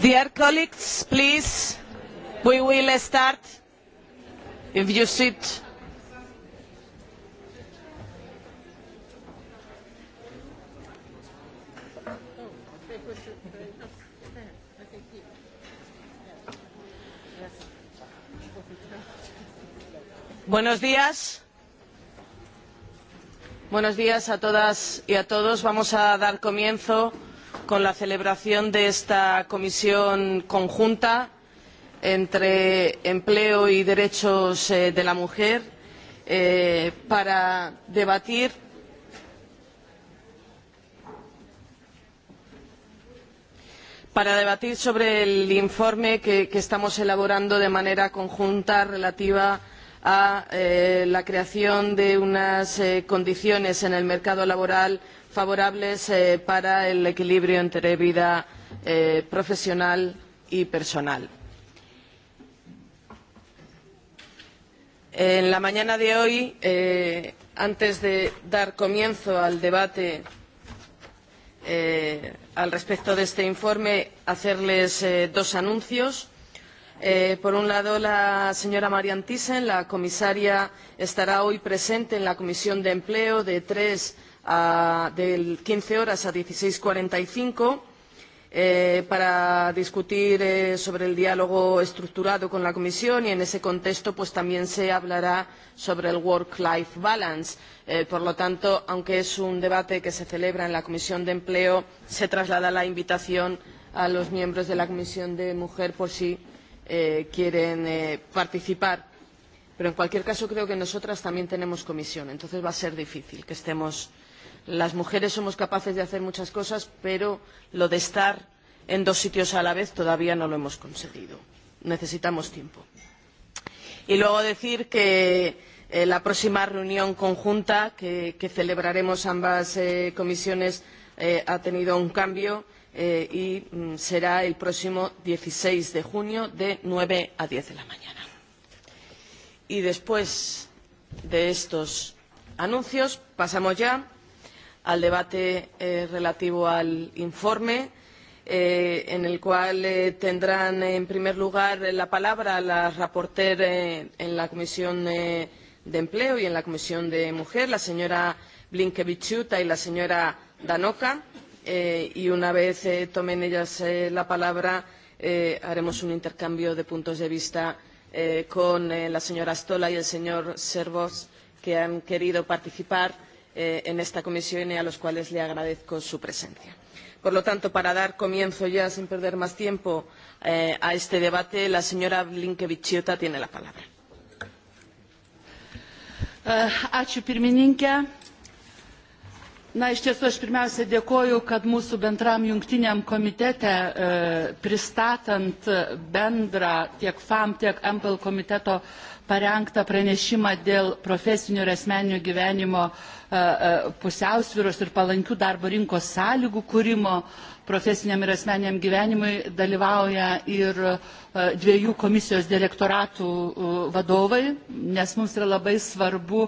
Dear colleagues, please, we will start if you sit. Buenos días. Buenos días a todas y a todos. Vamos a dar comienzo a con la celebración de esta comisión conjunta entre empleo y derechos eh, de la mujer eh, para debatir para debatir sobre el informe que, que estamos elaborando de manera conjunta relativo a eh, la creación de unas eh, condiciones en el mercado laboral para favorables eh, para el equilibrio entre vida eh, profesional y personal. En la mañana de hoy, eh, antes de dar comienzo al debate eh, al respecto de este informe, hacerles eh, dos anuncios. Eh, por un lado, la señora Marian Thyssen, la comisaria, estará hoy presente en la Comisión de Empleo de 3 a, de 15 horas a 16.45 eh, para discutir eh, sobre el diálogo estructurado con la Comisión y en ese contexto pues, también se hablará sobre el work-life balance. Eh, por lo tanto, aunque es un debate que se celebra en la Comisión de Empleo, se traslada la invitación a los miembros de la Comisión de Mujer por si eh, quieren eh, participar. Pero en cualquier caso creo que nosotras también tenemos comisión, entonces va a ser difícil que estemos las mujeres somos capaces de hacer muchas cosas pero lo de estar en dos sitios a la vez todavía no lo hemos conseguido necesitamos tiempo. y luego decir que eh, la próxima reunión conjunta que, que celebraremos ambas eh, comisiones eh, ha tenido un cambio eh, y mm, será el próximo 16 de junio de 9 a 10 de la mañana. Y después de estos anuncios pasamos ya al debate eh, relativo al informe, eh, en el cual eh, tendrán eh, en primer lugar la palabra la reporter eh, en la Comisión eh, de Empleo y en la Comisión de Mujer, la señora Blinkevichuta y la señora Danoka. Eh, y una vez eh, tomen ellas eh, la palabra, eh, haremos un intercambio de puntos de vista eh, con eh, la señora Stola y el señor Servos, que han querido participar eh, en esta comisión y a los cuales le agradezco su presencia. Por lo tanto, para dar comienzo ya, sin perder más tiempo, eh, a este debate, la señora Blinkevichiota tiene la palabra. Eh, ačiū pirmininkė. Na, iš tiesų, aš pirmiausia dėkoju, kad mūsų bendram jungtiniam komitete e, pristatant bendrą tiek FAM, tiek MPL komiteto parengtą pranešimą dėl profesinio ir asmeninio gyvenimo e, e, pusiausvyros ir palankių darbo rinkos sąlygų kūrimo profesiniam ir asmeniniam gyvenimui dalyvauja ir e, dviejų komisijos direktoratų vadovai, nes mums yra labai svarbu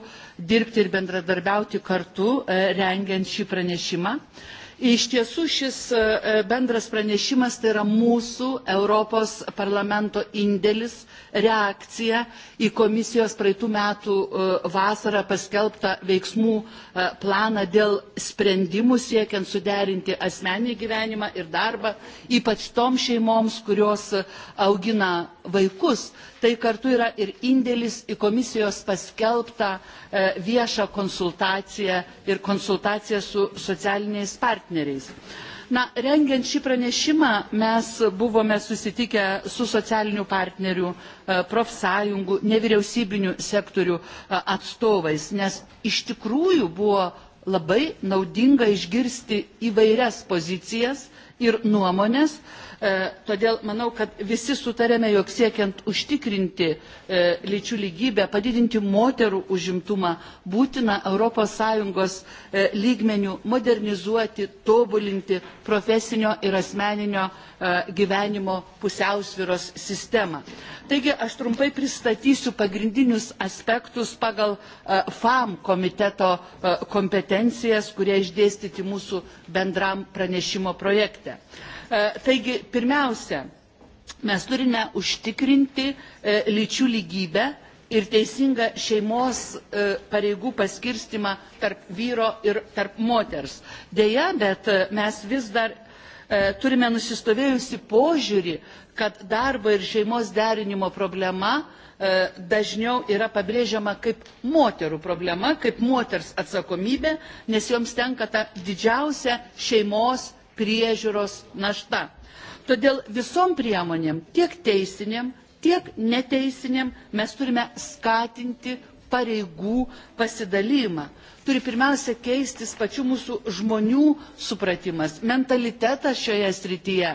dirbti ir bendradarbiauti kartu, rengiant šį pranešimą. Iš tiesų šis e, e, bendras pranešimas tai yra mūsų Europos parlamento indėlis, reakcija į komisijos praeitų metų e, vasarą paskelbtą veiksmų planą dėl sprendimų siekiant suderinti asmenį gyvenimą ir darbą, ypač tom šeimoms, kurios augina vaikus, tai kartu yra ir indėlis į komisijos paskelbtą e, viešą konsultaciją ir konsultaciją su socialiniais partneriais. Na, rengiant šį pranešimą mes buvome susitikę su socialinių partnerių, e, profsąjungų, nevyriausybinių sektorių e, atstovais, nes iš tikrųjų buvo labai naudinga išgirsti įvairias pozicijas ir nuomonės, uh, E, todėl manau, kad visi sutarėme, jog siekiant užtikrinti e, lyčių lygybę, padidinti moterų užimtumą, būtina ES e, lygmenių modernizuoti, tobulinti profesinio ir asmeninio gyvenimo pusiausviros sistemą. Taigi aš trumpai pristatysiu pagrindinius aspektus pagal FAM komiteto kompetencijas, kurie išdėstyti mūsų bendram pranešimo projekte. E, taigi, pirmiausia, mes turime užtikrinti e, lyčių lygybę ir teisingą šeimos e, pareigų paskirstimą tarp vyro ir tarp moters. Deja, bet mes vis dar turime nusistovėjusi požiūrį, kad darbo ir šeimos derinimo problema dažniau yra pabrėžiama kaip moterų problema, kaip moters atsakomybė, nes joms tenka ta didžiausia šeimos priežiūros našta. Todėl visom priemonėm, tiek teisinėm, tiek neteisinėm, mes turime skatinti pareigų pasidalymą. Turi pirmiausia keistis pačių mūsų žmonių supratimas, mentalitetas šioje srityje.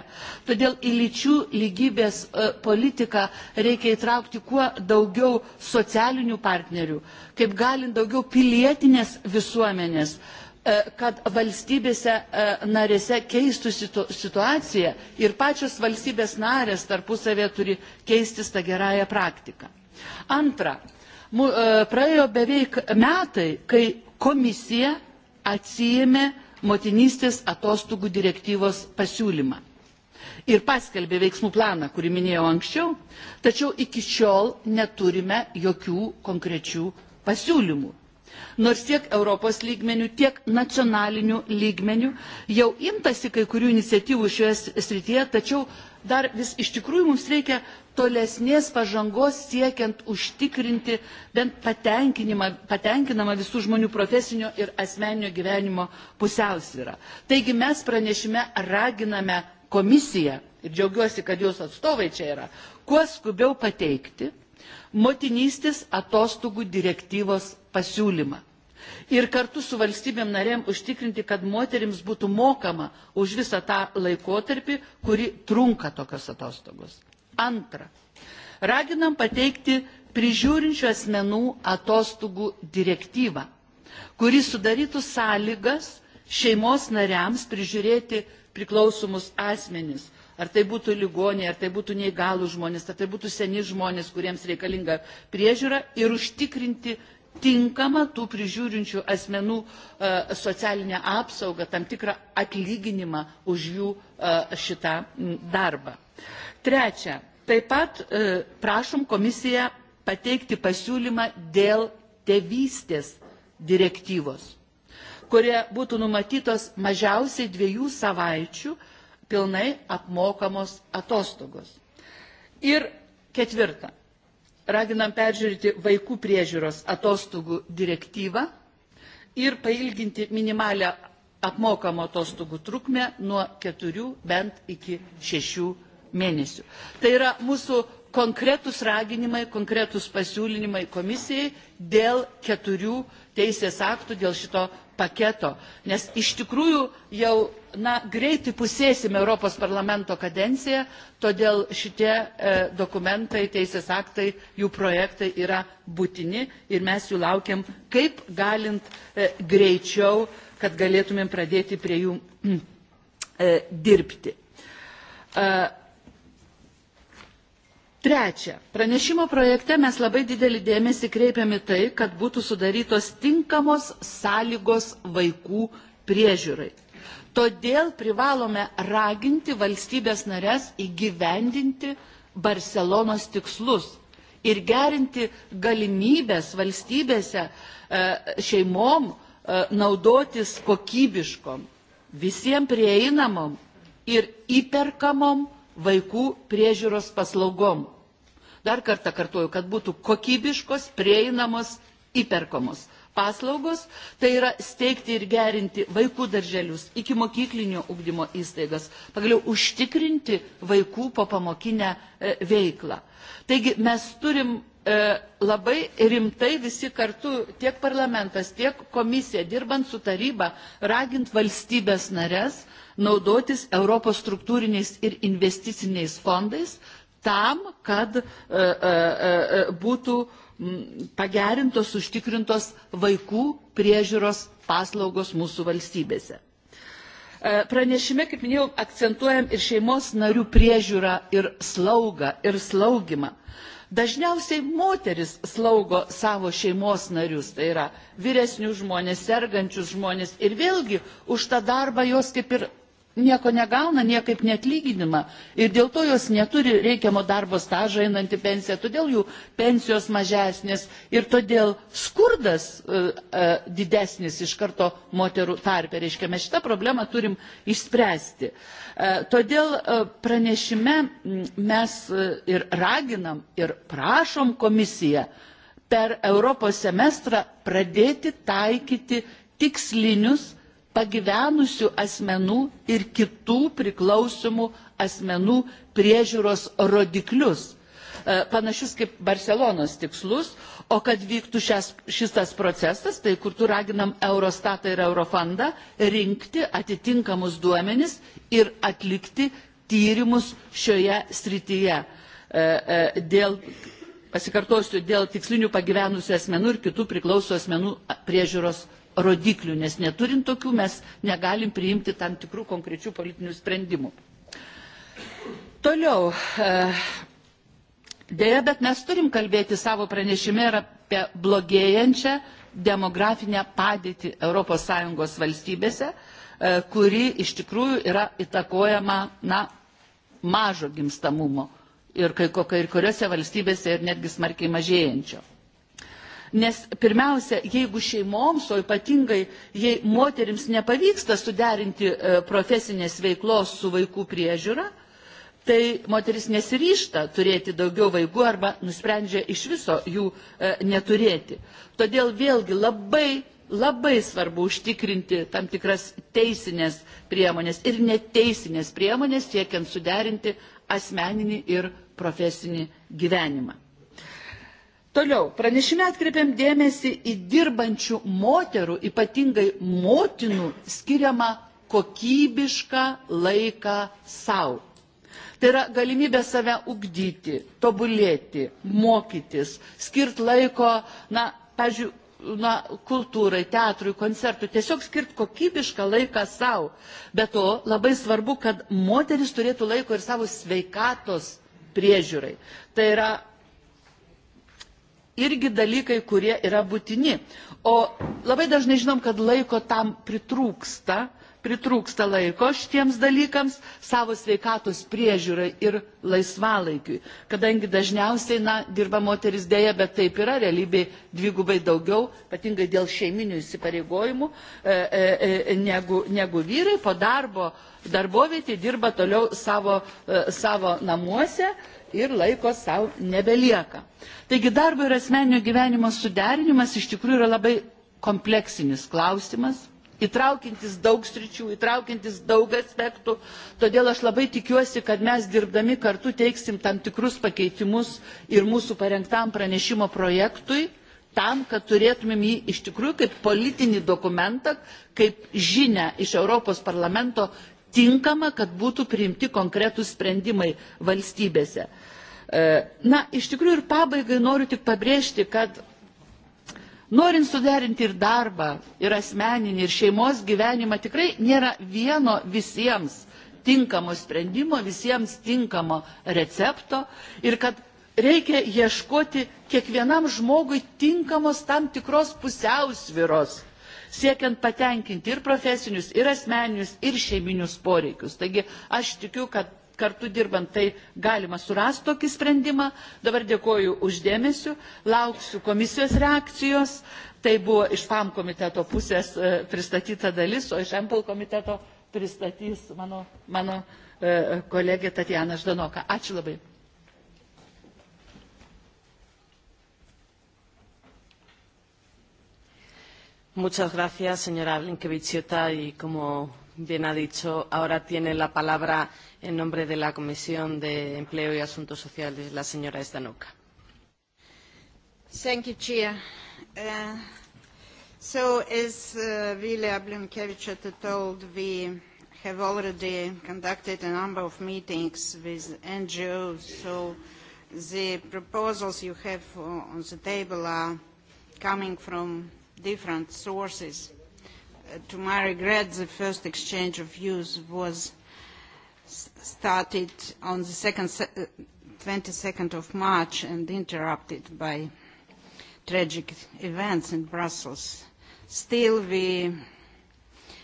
Todėl į lyčių lygybės e, politiką reikia įtraukti kuo daugiau socialinių partnerių, kaip galint daugiau pilietinės visuomenės, E, kad valstybėse e, narėse keistųsi situacija ir pačios valstybės narės tarpusavėje turi keistis tą gerąją praktiką. Antra, e, praėjo beveik metai, kai komisija atsijėmė motinystės atostogų direktyvos pasiūlymą ir paskelbė veiksmų planą, kurį minėjau anksčiau, tačiau iki šiol neturime jokių konkrečių pasiūlymų. Nors tiek Europos lygmenių, tiek nacionalinių lygmenių jau imtasi kai kurių iniciatyvų šioje srityje, tačiau dar vis iš tikrųjų mums reikia tolesnės pažangos siekiant užtikrinti bent patenkinamą visų žmonių profesinio ir asmeninio gyvenimo pusiausvyrą. Taigi mes pranešime raginame komisiją, ir džiaugiuosi, kad jos atstovai čia yra, kuo skubiau pateikti motinystės atostogų direktyvos pasiūlymą. Ir kartu su valstybėm narėm užtikrinti, kad moterims būtų mokama už visą tą laikotarpį, kuri trunka tokios atostogos. Antra. Raginam pateikti prižiūrinčių asmenų atostogų direktyvą, kuri sudarytų sąlygas šeimos nariams prižiūrėti priklausomus asmenis Ar tai būtų ligoniai, ar tai būtų neįgalų žmonės, ar tai būtų seni žmonės, kuriems reikalinga priežiūra ir užtikrinti tinkamą tų prižiūrinčių asmenų e, socialinę apsaugą, tam tikrą atlyginimą už jų e, šitą darbą. Trečia, taip pat e, prašom komisiją pateikti pasiūlymą dėl tėvystės direktyvos, kurie būtų numatytos mažiausiai dviejų savaičių pilnai apmokamos atostogos. Ir ketvirta. Raginam peržiūrėti vaikų priežiūros atostogų direktyvą ir pailginti minimalę apmokamų atostogų trukmę nuo keturių bent iki šešių mėnesių. Tai yra mūsų konkretus raginimai, konkretus pasiūlymai komisijai dėl keturių mėnesių teisės aktų dėl šito paketo, nes iš tikrųjų jau na, greitai pusėsime Europos parlamento kadenciją, todėl šitie e, dokumentai, teisės aktai, jų projektai yra būtini ir mes jų laukiam kaip galint e, greičiau, kad galėtumėm pradėti prie jų e, dirbti. E, Trečia, pranešimo projekte mes labai didelį dėmesį kreipiame tai, kad būtų sudarytos tinkamos sąlygos vaikų priežiūrai. Todėl privalome raginti valstybės narės įgyvendinti Barcelonos tikslus ir gerinti galimybės valstybėse e, šeimom e, naudotis kokybiškom, visiems prieinamom ir įperkamom vaikų priežiūros paslaugom. Dar kartą kartuoju, kad būtų kokybiškos, prieinamos, įperkomos paslaugos, tai yra steigti ir gerinti vaikų darželius, iki mokyklinio ugdymo įstaigas, pagaliau užtikrinti vaikų popamokinę e, veiklą. Taigi mes turim e, labai rimtai visi kartu, tiek parlamentas, tiek komisija, dirbant su taryba, ragint valstybės narės naudotis Europos struktūriniais ir investiciniais fondais tam, kad e, e, e, būtų pagerintos, užtikrintos vaikų priežiūros paslaugos mūsų valstybėse. Pranešime, kaip minėjau, akcentuojam ir šeimos narių priežiūrą, ir slaugą, ir slaugimą. Dažniausiai moteris slaugo savo šeimos narius, tai yra vyresnių žmonės, sergančius žmonės ir vėlgi už tą darbą jos kaip ir nieko negauna, niekaip net lyginimą ir dėl to jos neturi reikiamo darbo stažo einant į pensiją, todėl jų pensijos mažesnės ir todėl skurdas uh, uh, didesnis iš karto moterų tarpe. Reiškia, mes šitą problemą turim išspręsti. Uh, todėl pranešime mes ir raginam ir prašom komisiją per Europos semestrą pradėti taikyti tikslinius pagyvenusių asmenų ir kitų priklausomų asmenų priežiūros rodiklius e, panašius kaip Barcelonos tikslus, o kad vyktų šias, šitas procesas, tai kur tu raginam Eurostatą ir Eurofondą rinkti atitinkamus duomenis ir atlikti tyrimus šioje srityje. E, e, dėl, pasikartosiu, dėl tikslinių pagyvenusių asmenų ir kitų priklauso asmenų priežiūros rodiklių, nes neturint tokių mes negalim priimti tam tikrų konkrečių politinių sprendimų. Toliau. E, Deja, bet mes turim kalbėti savo pranešime ir apie blogėjančią demografinę padėtį ES valstybėse, e, kuri iš tikrųjų yra įtakojama na, mažo gimstamumo ir kai, kai kuriuose valstybėse ir netgi smarkiai mažėjančio. Nes pirmiausia, jeigu šeimoms, o ypatingai, jei moterims nepavyksta suderinti e, profesinės veiklos su vaikų priežiūra, tai moteris nesiryšta turėti daugiau vaikų arba nusprendžia iš viso jų e, neturėti. Todėl vėlgi labai labai svarbu užtikrinti tam tikras teisinės priemonės ir neteisinės priemonės siekiant suderinti asmeninį ir profesinį gyvenimą. Toliau, pranešime atkreipiam dėmesį į dirbančių moterų, ypatingai motinų, skiriamą kokybišką laiką savo. Tai yra galimybė save ugdyti, tobulėti, mokytis, skirt laiko, na, pažiūrėjau, na, kultūrai, teatrui, koncertui, tiesiog skirti kokybišką laiką savo. Bet to labai svarbu, kad moteris turėtų laiko ir savo sveikatos priežiūrai. Tai yra irgi dalykai, kurie yra būtini. O labai dažnai žinom, kad laiko tam pritrūksta, pritrūksta laiko šitiems dalykams, savo sveikatos priežiūrai ir laisvalaikiui. Kadangi dažniausiai, na, dirba moteris dėja, bet taip yra, realybėje dvigubai daugiau, ypatingai dėl šeiminių įsipareigojimų, e, e, e negu, negu vyrai po darbo darbovietį dirba toliau savo, e, savo namuose. E, ir laiko savo nebelieka. Taigi darbo ir asmeninio gyvenimo suderinimas iš tikrųjų yra labai kompleksinis klausimas, įtraukiantis daug sričių, įtraukiantis daug aspektų. Todėl aš labai tikiuosi, kad mes dirbdami kartu teiksim tam tikrus pakeitimus ir mūsų parengtam pranešimo projektui tam, kad turėtumėm jį iš tikrųjų kaip politinį dokumentą, kaip žinę iš Europos parlamento tinkama, kad būtų priimti konkretūs sprendimai valstybėse. E, na, iš tikrųjų ir pabaigai noriu tik pabrėžti, kad norint suderinti ir darbą, ir asmeninį, ir šeimos gyvenimą, tikrai nėra vieno visiems tinkamo sprendimo, visiems tinkamo recepto ir kad reikia ieškoti kiekvienam žmogui tinkamos tam tikros pusiausviros siekiant patenkinti ir profesinius, ir asmeninius, ir šeiminius poreikius. Taigi aš tikiu, kad kartu dirbant, tai galima surasti tokį sprendimą. Dabar dėkoju uždėmesiu, lauksiu komisijos reakcijos. Tai buvo iš PAM komiteto pusės e, pristatyta dalis, o iš MPL komiteto pristatys mano, mano e, kolegė Tatjana Ždanoka. Ačiū labai. Muchas gracias, señora Blinkevichiota, y como bien ha dicho, ahora tiene la palabra en nombre de la Comisión de Empleo y Asuntos Sociales la señora Estanuca. Thank you, Chair. Uh, so, as uh, Vilja Blinkevichata told, we have already conducted a number of meetings with NGOs, so the proposals you have uh, on the table are coming from different sources to my regret, the first exchange of views was started on the second, 22nd uh, of March and interrupted by tragic events in Brussels. Still, we,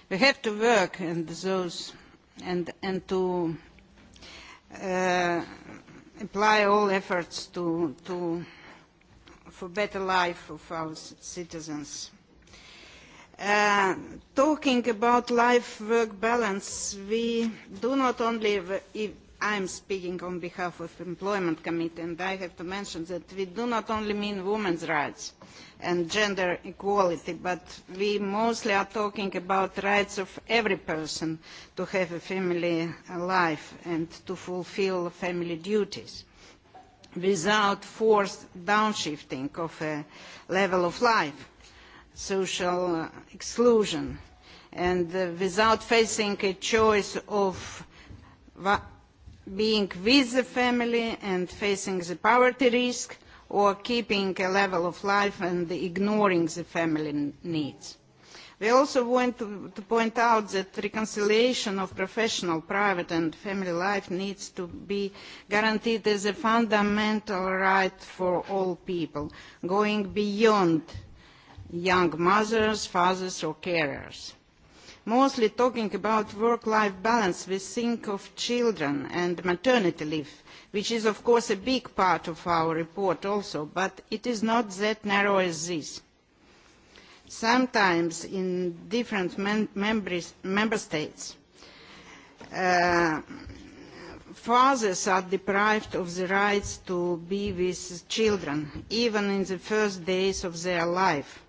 we have to work and those and, and to uh, apply all efforts to, to, for better life of our citizens. Uh, talking about life-work balance, we do not only, if I'm speaking on behalf of Employment Committee, and I have to mention that we do not only mean women's rights and gender equality, but we mostly are talking about rights of every person to have a family life and to fulfill family duties without forced downshifting of a level of life social uh, exclusion and uh, without facing a choice of being with the family and facing the poverty risk or keeping a level of life and ignoring the family needs. We also want to, to point out that reconciliation of professional, private and family life needs to be guaranteed as a fundamental right for all people, going beyond uh, young mothers, fathers or carers. Mostly talking about work-life balance, we think of children and maternity leave, which is of course a big part of our report also, but it is not that narrow as this. Sometimes in different mem members, member states, uh, fathers are deprived of the rights to be with children, even in the first days of their life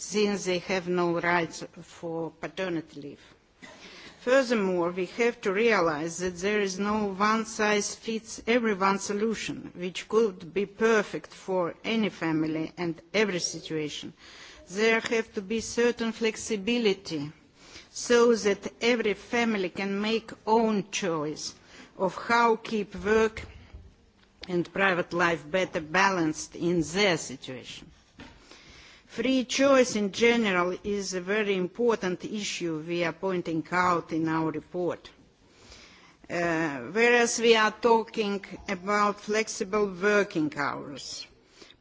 since they have no rights for paternity leave. Furthermore, we have to realize that there is no one-size-fits-everyone solution, which could be perfect for any family and every situation. There have to be certain flexibility so that every family can make own choice of how keep work and private life better balanced in their situation Free choice in general is a very important issue we are pointing out in our report. Uh, whereas we are talking about flexible working hours,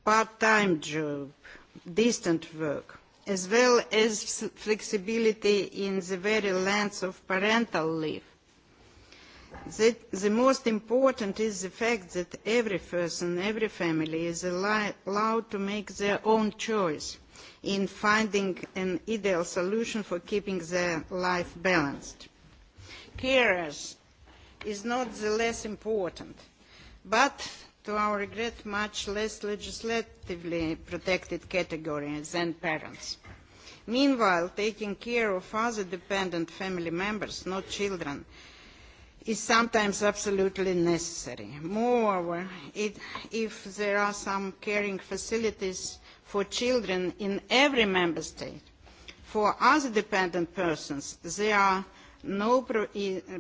part-time job, distant work, as well as flexibility in the very length of parental leave, the, the most important is the fact that every person, every family is allowed to make their own choice in finding an ideal solution for keeping their life balanced. Carers is not the less important, but to our regret much less legislatively protected category than parents. Meanwhile, taking care of other dependent family members, not children, is sometimes absolutely necessary. Moreover, it, if there are some caring facilities for children in every member state, for other dependent persons, there are no pro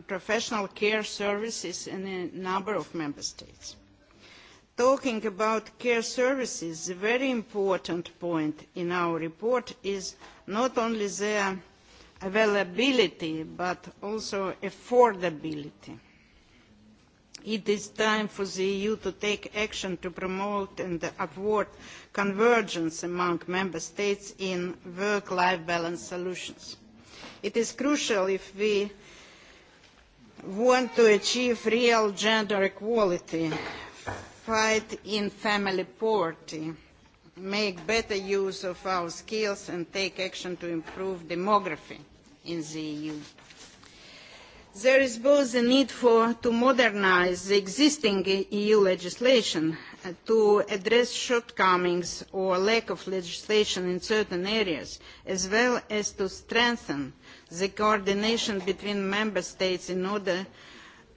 professional care services in a number of member states. Talking about care services, a very important point in our report is not only their availability but also affordability. It is time for the EU to take action to promote and upward convergence among member states in work-life balance solutions. It is crucial if we want to achieve real gender equality, fight in family poverty, make better use of our skills and take action to improve demography in the EU. There is both a need for, to modernize the existing EU legislation uh, to address shortcomings or lack of legislation in certain areas, as well as to strengthen the coordination between member states in order uh,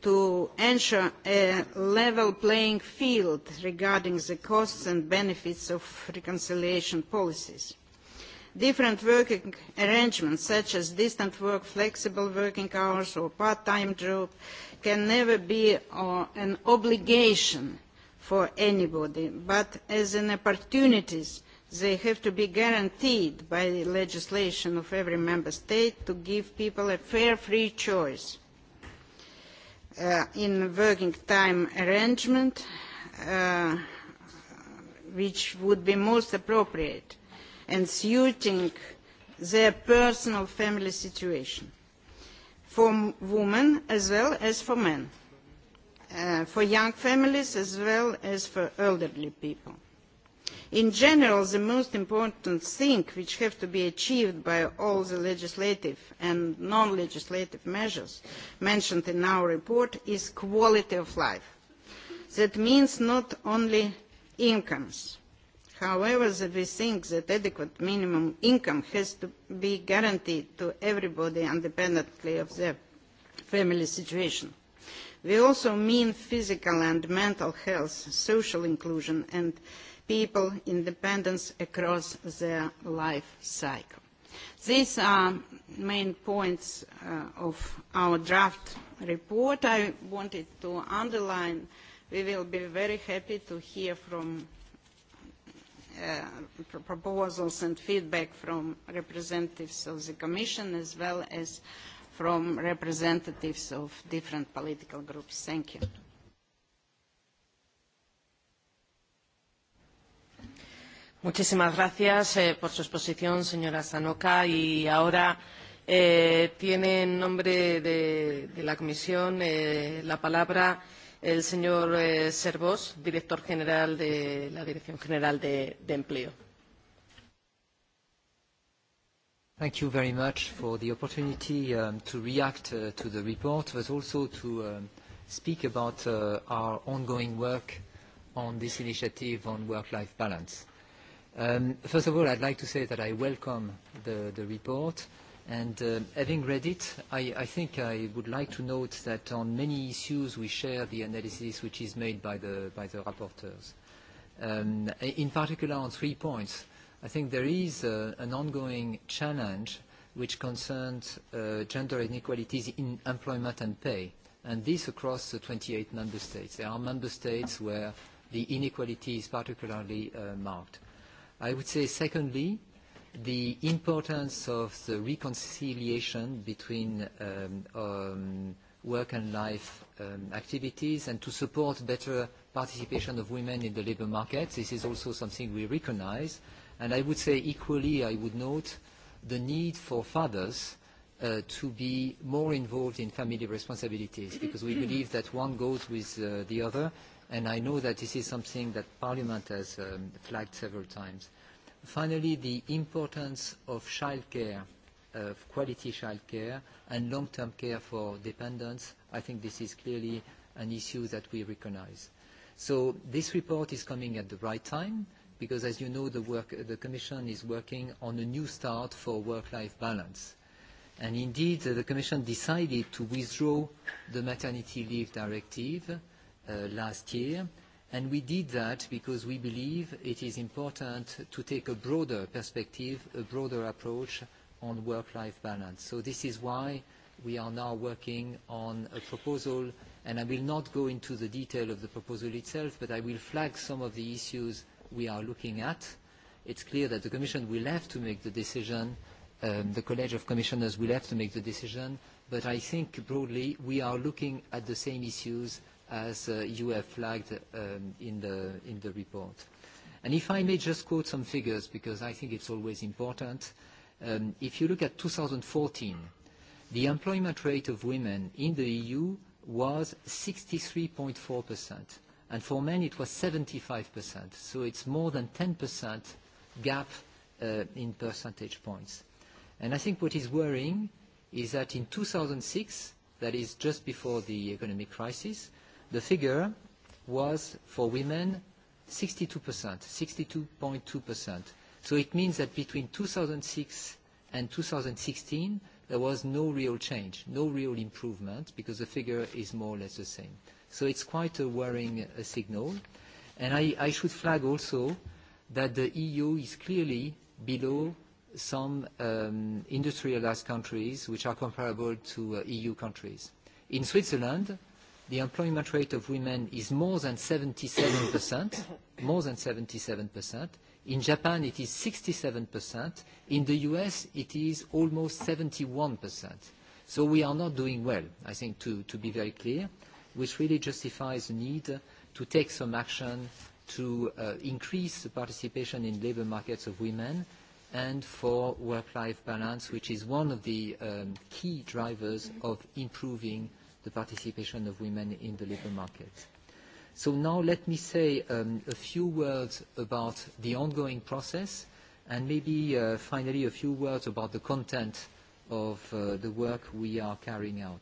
to ensure a level playing field regarding the costs and benefits of reconciliation policies. Different working arrangements such as distant work, flexible working hours or part-time job can never be uh, an obligation for anybody, but as an opportunities they have to be guaranteed by legislation of every member state to give people a fair free choice uh, in working time arrangement uh, which would be most appropriate and suiting their personal family situation for women as well as for men, uh, for young families as well as for elderly people in general the most important thing which has to be achieved by all the legislative and non legislative measures mentioned in our report is quality of life. that means not only incomes. however we think that adequate minimum income has to be guaranteed to everybody independently of their family situation. we also mean physical and mental health social inclusion and people independence across their life cycle. These are main points uh, of our draft report. I wanted to underline we will be very happy to hear from uh, proposals and feedback from representatives of the Commission as well as from representatives of different political groups. Thank you. Muchísimas gracias eh, por su exposición, señora Sanoca. Y ahora eh, tiene en nombre de, de la Comisión eh, la palabra el señor eh, Servos, director general de la Dirección General de, de Empleo. Thank you very much for the opportunity um, to react uh, to the report, but also to um, speak about uh, our ongoing work on this initiative on work-life balance. Um, first of all, I'd like to say that I welcome the, the report. And uh, having read it, I, I think I would like to note that on many issues we share the analysis which is made by the, by the rapporteurs. Um, in particular on three points, I think there is uh, an ongoing challenge which concerns uh, gender inequalities in employment and pay, and this across the 28 member states. There are member states where the inequality is particularly uh, marked. Uh, I would say, secondly, the importance of the reconciliation between um, um, work and life um, activities and to support better participation of women in the labor market. This is also something we recognize. And I would say equally, I would note the need for fathers uh, to be more involved in family responsibilities because we believe that one goes with uh, the other and I know that this is something that Parliament has um, flagged several times. Finally, the importance of childcare, of quality childcare and long-term care for dependents, I think this is clearly an issue that we recognize. So this report is coming at the right time because, as you know, the, work, the Commission is working on a new start for work-life balance. And indeed, the Commission decided to withdraw the maternity leave directive Uh, last year. And we did that because we believe it is important to take a broader perspective, a broader approach on work-life balance. So this is why we are now working on a proposal, and I will not go into the detail of the proposal itself, but I will flag some of the issues we are looking at. It's clear that the Commission will have to make the decision, um, the College of Commissioners will have to make the decision, but I think broadly we are looking at the same issues as uh, you have flagged um, in, the, in the report. And if I may just quote some figures, because I think it's always important. Um, if you look at 2014, the employment rate of women in the EU was 63.4%, and for men it was 75%, so it's more than 10% gap uh, in percentage points. And I think what is worrying is that in 2006, that is just before the economic crisis, The figure was, for women, 62%, 62.2%. So it means that between 2006 and 2016, there was no real change, no real improvement, because the figure is more or less the same. So it's quite a worrying uh, signal. And I, I should flag also that the EU is clearly below some um, industrialized countries which are comparable to uh, EU countries. In Switzerland, the employment rate of women is more than 77%, more than 77%. In Japan, it is 67%. In the U.S., it is almost 71%. So we are not doing well, I think, to, to be very clear, which really justifies the need to take some action to uh, increase the participation in labor markets of women and for work-life balance, which is one of the um, key drivers of improving the participation of women in the labor market. So now let me say um, a few words about the ongoing process and maybe uh, finally a few words about the content of uh, the work we are carrying out.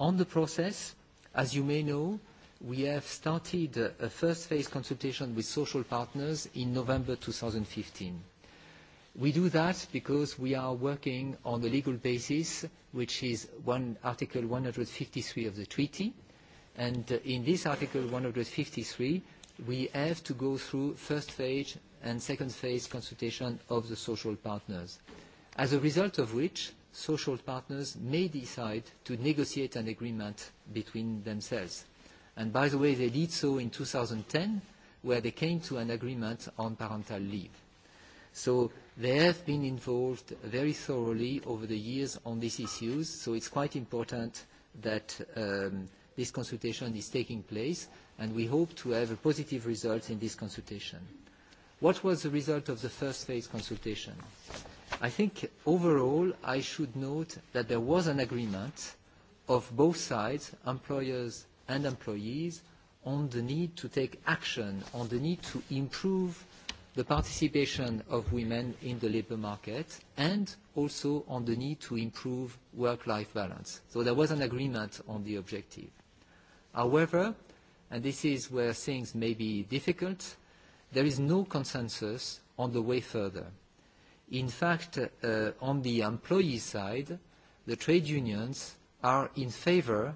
On the process, as you may know, we have started uh, a first phase consultation with social partners in November 2015. We do that because we are working on the legal basis, which is one, Article 153 of the treaty. And uh, in this Article 153, we have to go through first phase and second phase consultation of the social partners. As a result of which, social partners may decide to negotiate an agreement between themselves. And by the way, they did so in 2010, where they came to an agreement on parental leave. So They have been involved very thoroughly over the years on these issues, so it's quite important that um, this consultation is taking place, and we hope to have a positive result in this consultation. What was the result of the first phase consultation? I think overall, I should note that there was an agreement of both sides, employers and employees, on the need to take action, on the need to improve the participation of women in the labor market and also on the need to improve work-life balance. So there was an agreement on the objective. However, and this is where things may be difficult, there is no consensus on the way further. In fact, uh, on the employee side, the trade unions are in favor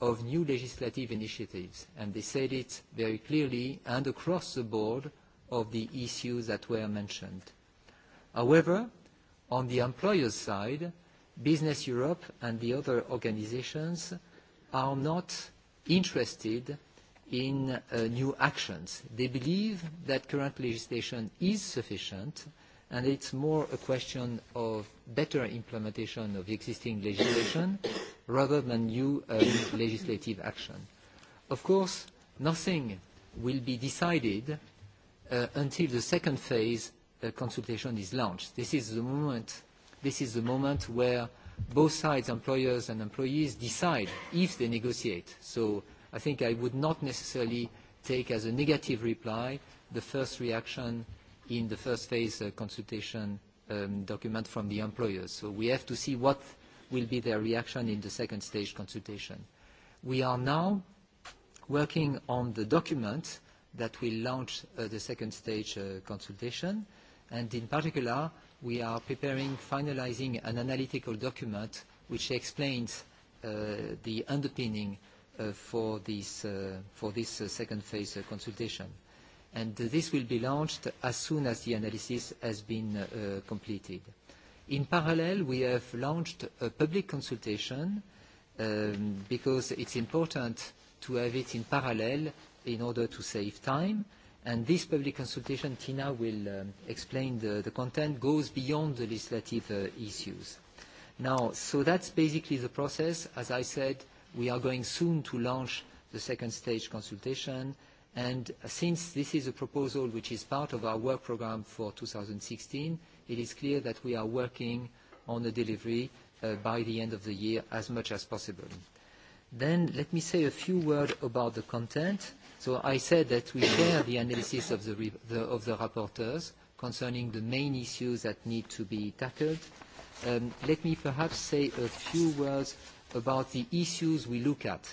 of new legislative initiatives, and they said it very clearly and across the board of the issues that were mentioned. However, on the employer side, Business Europe and the other organizations are not interested in uh, new actions. They believe that current legislation is sufficient, and it's more a question of better implementation of existing legislation rather than new um, legislative action. Of course, nothing will be decided uh, until the second phase uh, consultation is launched. This is the moment, this is the moment where both sides, employers and employees, decide if they negotiate. So I think I would not necessarily take as a negative reply the first reaction in the first phase uh, consultation um, document from the employers. So we have to see what will be their reaction in the second stage consultation. We are now working on the document that will launch uh, the second stage uh, consultation. And in particular, we are preparing, finalizing an analytical document which explains uh, the underpinning uh, for this, uh, for this uh, second phase uh, consultation. And uh, this will be launched as soon as the analysis has been uh, completed. In parallel, we have launched a public consultation um, because it's important to have it in parallel in order to save time. And this public consultation, Tina will um, explain the, the content, goes beyond the legislative uh, issues. Now, so that's basically the process. As I said, we are going soon to launch the second stage consultation. And since this is a proposal which is part of our work program for 2016, it is clear that we are working on the delivery uh, by the end of the year as much as possible. Then let me say a few words about the content. So I said that we share the analysis of the, re the, of the rapporteurs concerning the main issues that need to be tackled. Um, let me perhaps say a few words about the issues we look at.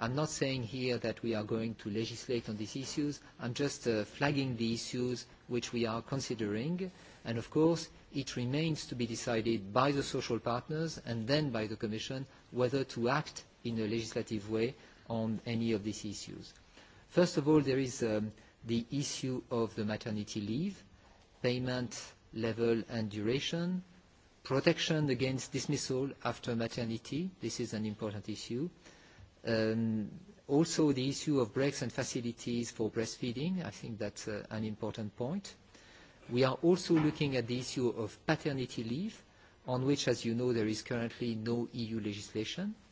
I'm not saying here that we are going to legislate on these issues. I'm just uh, flagging the issues which we are considering. And of course, it remains to be decided by the social partners and then by the Commission whether to act in a legislative way on any of these issues. First of all, there is um, the issue of the maternity leave, payment level and duration, protection against dismissal after maternity. This is an important issue. Um, also, the issue of breaks and facilities for breastfeeding. I think that's uh, an important point. We are also looking at the issue of paternity leave, on which, as you know, there is currently no EU legislation. Uh,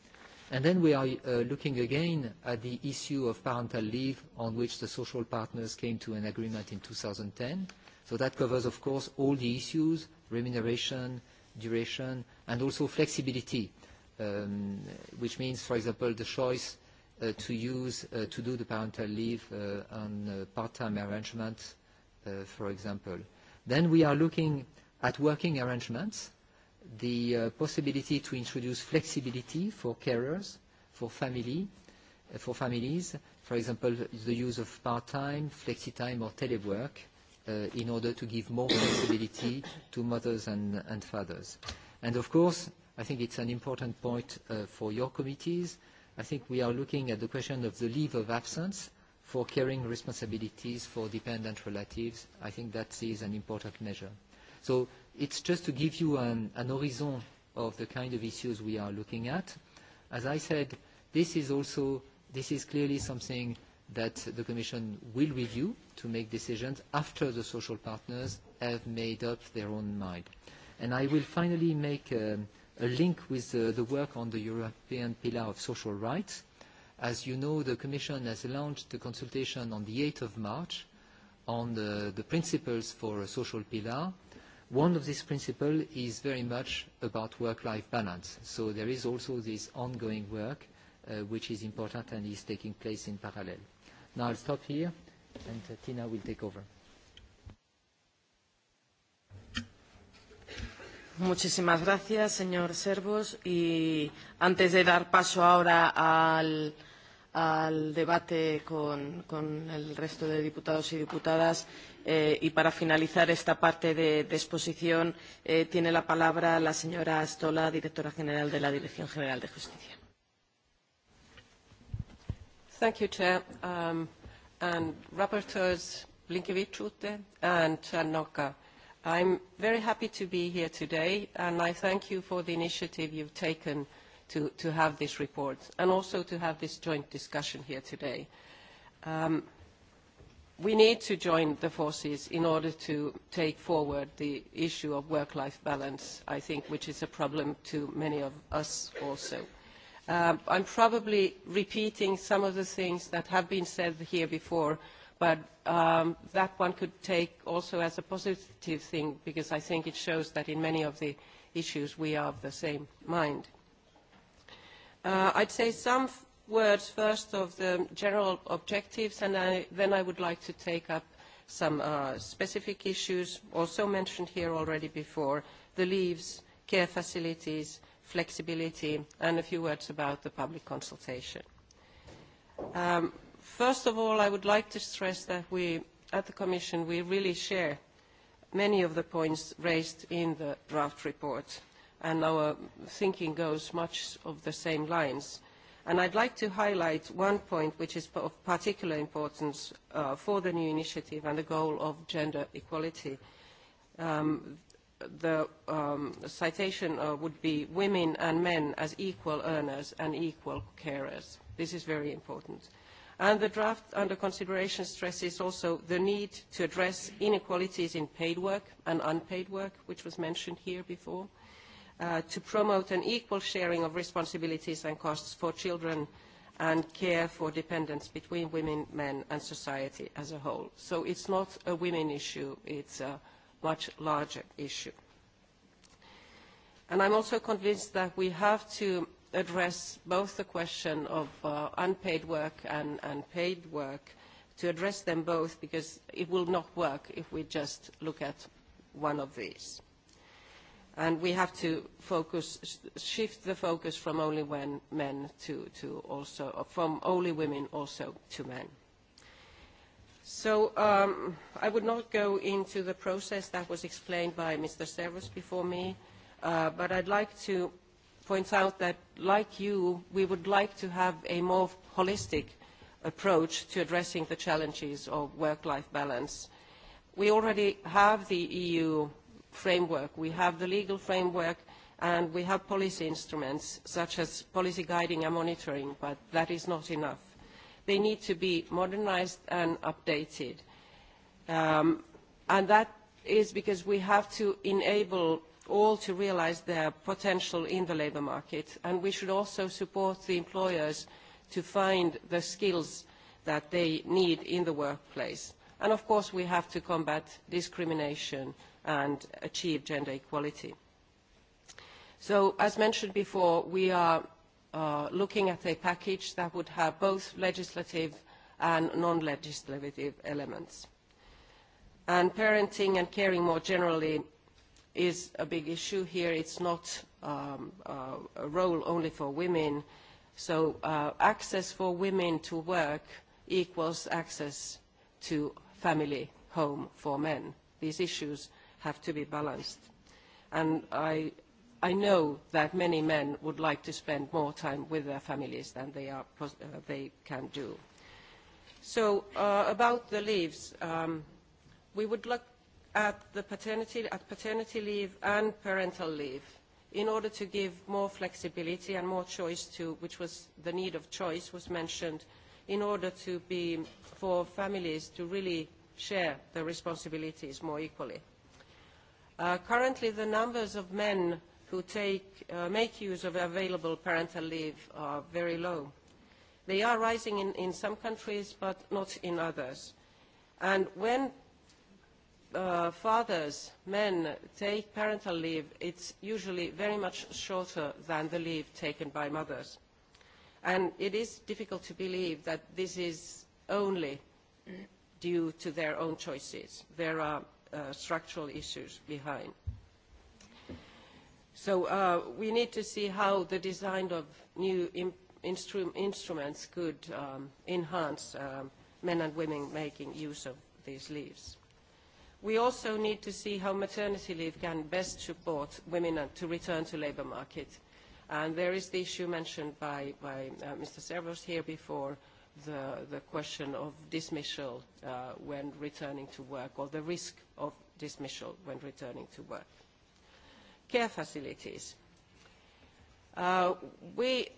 And then we are uh, looking again at the issue of parental leave on which the social partners came to an agreement in 2010. So that covers, of course, all the issues, remuneration, duration, and also flexibility, um, which means, for example, the choice uh, to use, uh, to do the parental leave uh, on uh, part-time arrangements, uh, for example. Then we are looking at working arrangements, uh, the uh, possibility to introduce flexibility for carers, for family, uh, for families, for example, the use of part-time, flexi-time, or telework, uh, in order to give more flexibility to mothers and, and fathers. And of course, I think it's an important point uh, for your committees. I think we are looking at the question of the leave of absence for caring responsibilities for dependent relatives. I think that is an important measure. So it's just to give you an, an horizon of the kind of issues we are looking at. As I said, this is also, this is clearly something that the Commission will review to make decisions after the social partners have made up their own mind. And I will finally make um, a link with uh, the work on the European Pillar of Social Rights. As you know, the Commission has launched the consultation on the 8th of March on the, the principles for a social pillar. One of these principles is very much about work-life balance. So there is also this ongoing work, uh, which is important and is taking place in parallel. Now I'll stop here, and uh, Tina will take over. Muchísimas gracias, señor Servos. Y antes de dar paso ahora al, al debate con, con el resto de diputados y diputadas, Eh, y para finalizar esta parte de, de exposición, eh, tiene la palabra la señora Astola, directora general de la Dirección General de Justicia. Thank you, Chair. Um, and Rapporteurs Blinkevichute and Chanoka. I'm very happy to be here today, and I thank you for the initiative you've taken to, to have this report, and also to have this joint discussion here today. Um, we need to join the forces in order to take forward the issue of work-life balance, I think, which is a problem to many of us also. Um, I'm probably repeating some of the things that have been said here before, but um, that one could take also as a positive thing because I think it shows that in many of the issues we are of the same mind. Uh, I'd say some words first of the general objectives, and I, then I would like to take up some uh, specific issues also mentioned here already before, the leaves, care facilities, flexibility, and a few words about the public consultation. Um, first of all, I would like to stress that we, at the Commission, we really share many of the points raised in the draft report, and our thinking goes much of the same lines. And I'd like to highlight one point which is of particular importance uh, for the new initiative and the goal of gender equality. Um, the um, citation uh, would be women and men as equal earners and equal carers. This is very important. And the draft under consideration stresses also the need to address inequalities in paid work and unpaid work, which was mentioned here before. Uh, uh, to promote an equal sharing of responsibilities and costs for children and care for dependents between women, men and society as a whole. So it's not a women issue, it's a much larger issue. And I'm also convinced that we have to address both the question of uh, unpaid work and, and paid work, to address them both because it will not work if we just look at one of these and we have to focus, shift the focus from only when men to, to also, uh, from only women also to men. So um, I would not go into the process that was explained by Mr. Servos before me, uh, but I'd like to point out that, like you, we would like to have a more holistic approach to addressing the challenges of work-life balance. We already have the EU framework. We have the legal framework and we have policy instruments such as policy guiding and monitoring, but that is not enough. They need to be modernized and updated. Um, and that is because we have to enable all to realize their potential in the labor market. And we should also support the employers to find the skills that they need in the workplace. And of course, we have to combat discrimination and achieve gender equality. So, as mentioned before, we are uh, looking at a package that would have both legislative and non-legislative elements. And parenting and caring more generally is a big issue here. It's not um, uh, a role only for women. So uh, access for women to work equals access to family home for men. These issues have to be balanced. And I, I know that many men would like to spend more time with their families than they, are, uh, they can do. So uh, about the leaves, um, we would look at the paternity, at paternity leave and parental leave in order to give more flexibility and more choice to, which was the need of choice was mentioned, in order to be, for families to really share the responsibilities more equally. Uh, currently, the numbers of men who take, uh, make use of available parental leave are very low. They are rising in, in some countries, but not in others. And when uh, fathers, men, take parental leave, it's usually very much shorter than the leave taken by mothers. And it is difficult to believe that this is only due to their own choices. There are uh, structural issues behind. So uh, we need to see how the design of new in instru instruments could um, enhance um, men and women making use of these leaves. We also need to see how maternity leave can best support women to return to labour market. And there is the issue mentioned by, by uh, Mr. Servos here before the, the question of dismissal uh, when returning to work or the risk of dismissal when returning to work. Care facilities. Uh, we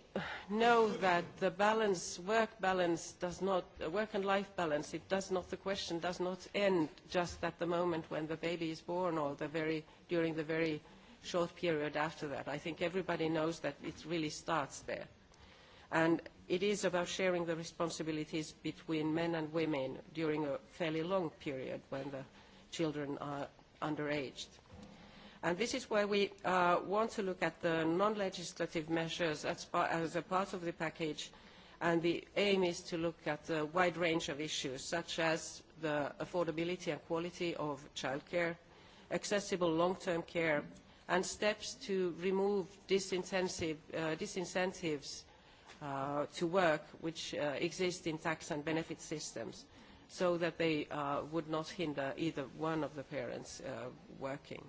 know that the balance, work balance does not, uh, work and life balance, it does not, the question does not end just at the moment when the baby is born or the very, during the very short period after that. I think everybody knows that it really starts there. And it is about sharing the responsibilities between men and women during a fairly long period when the children are underage. And this is why we uh, want to look at the non-legislative measures as, par as a part of the package, and the aim is to look at a wide range of issues, such as the affordability and quality of childcare, accessible long-term care, and steps to remove disincentive, uh, disincentives uh, to work which uh, exist in tax and benefit systems so that they uh, would not hinder either one of the parents uh, working.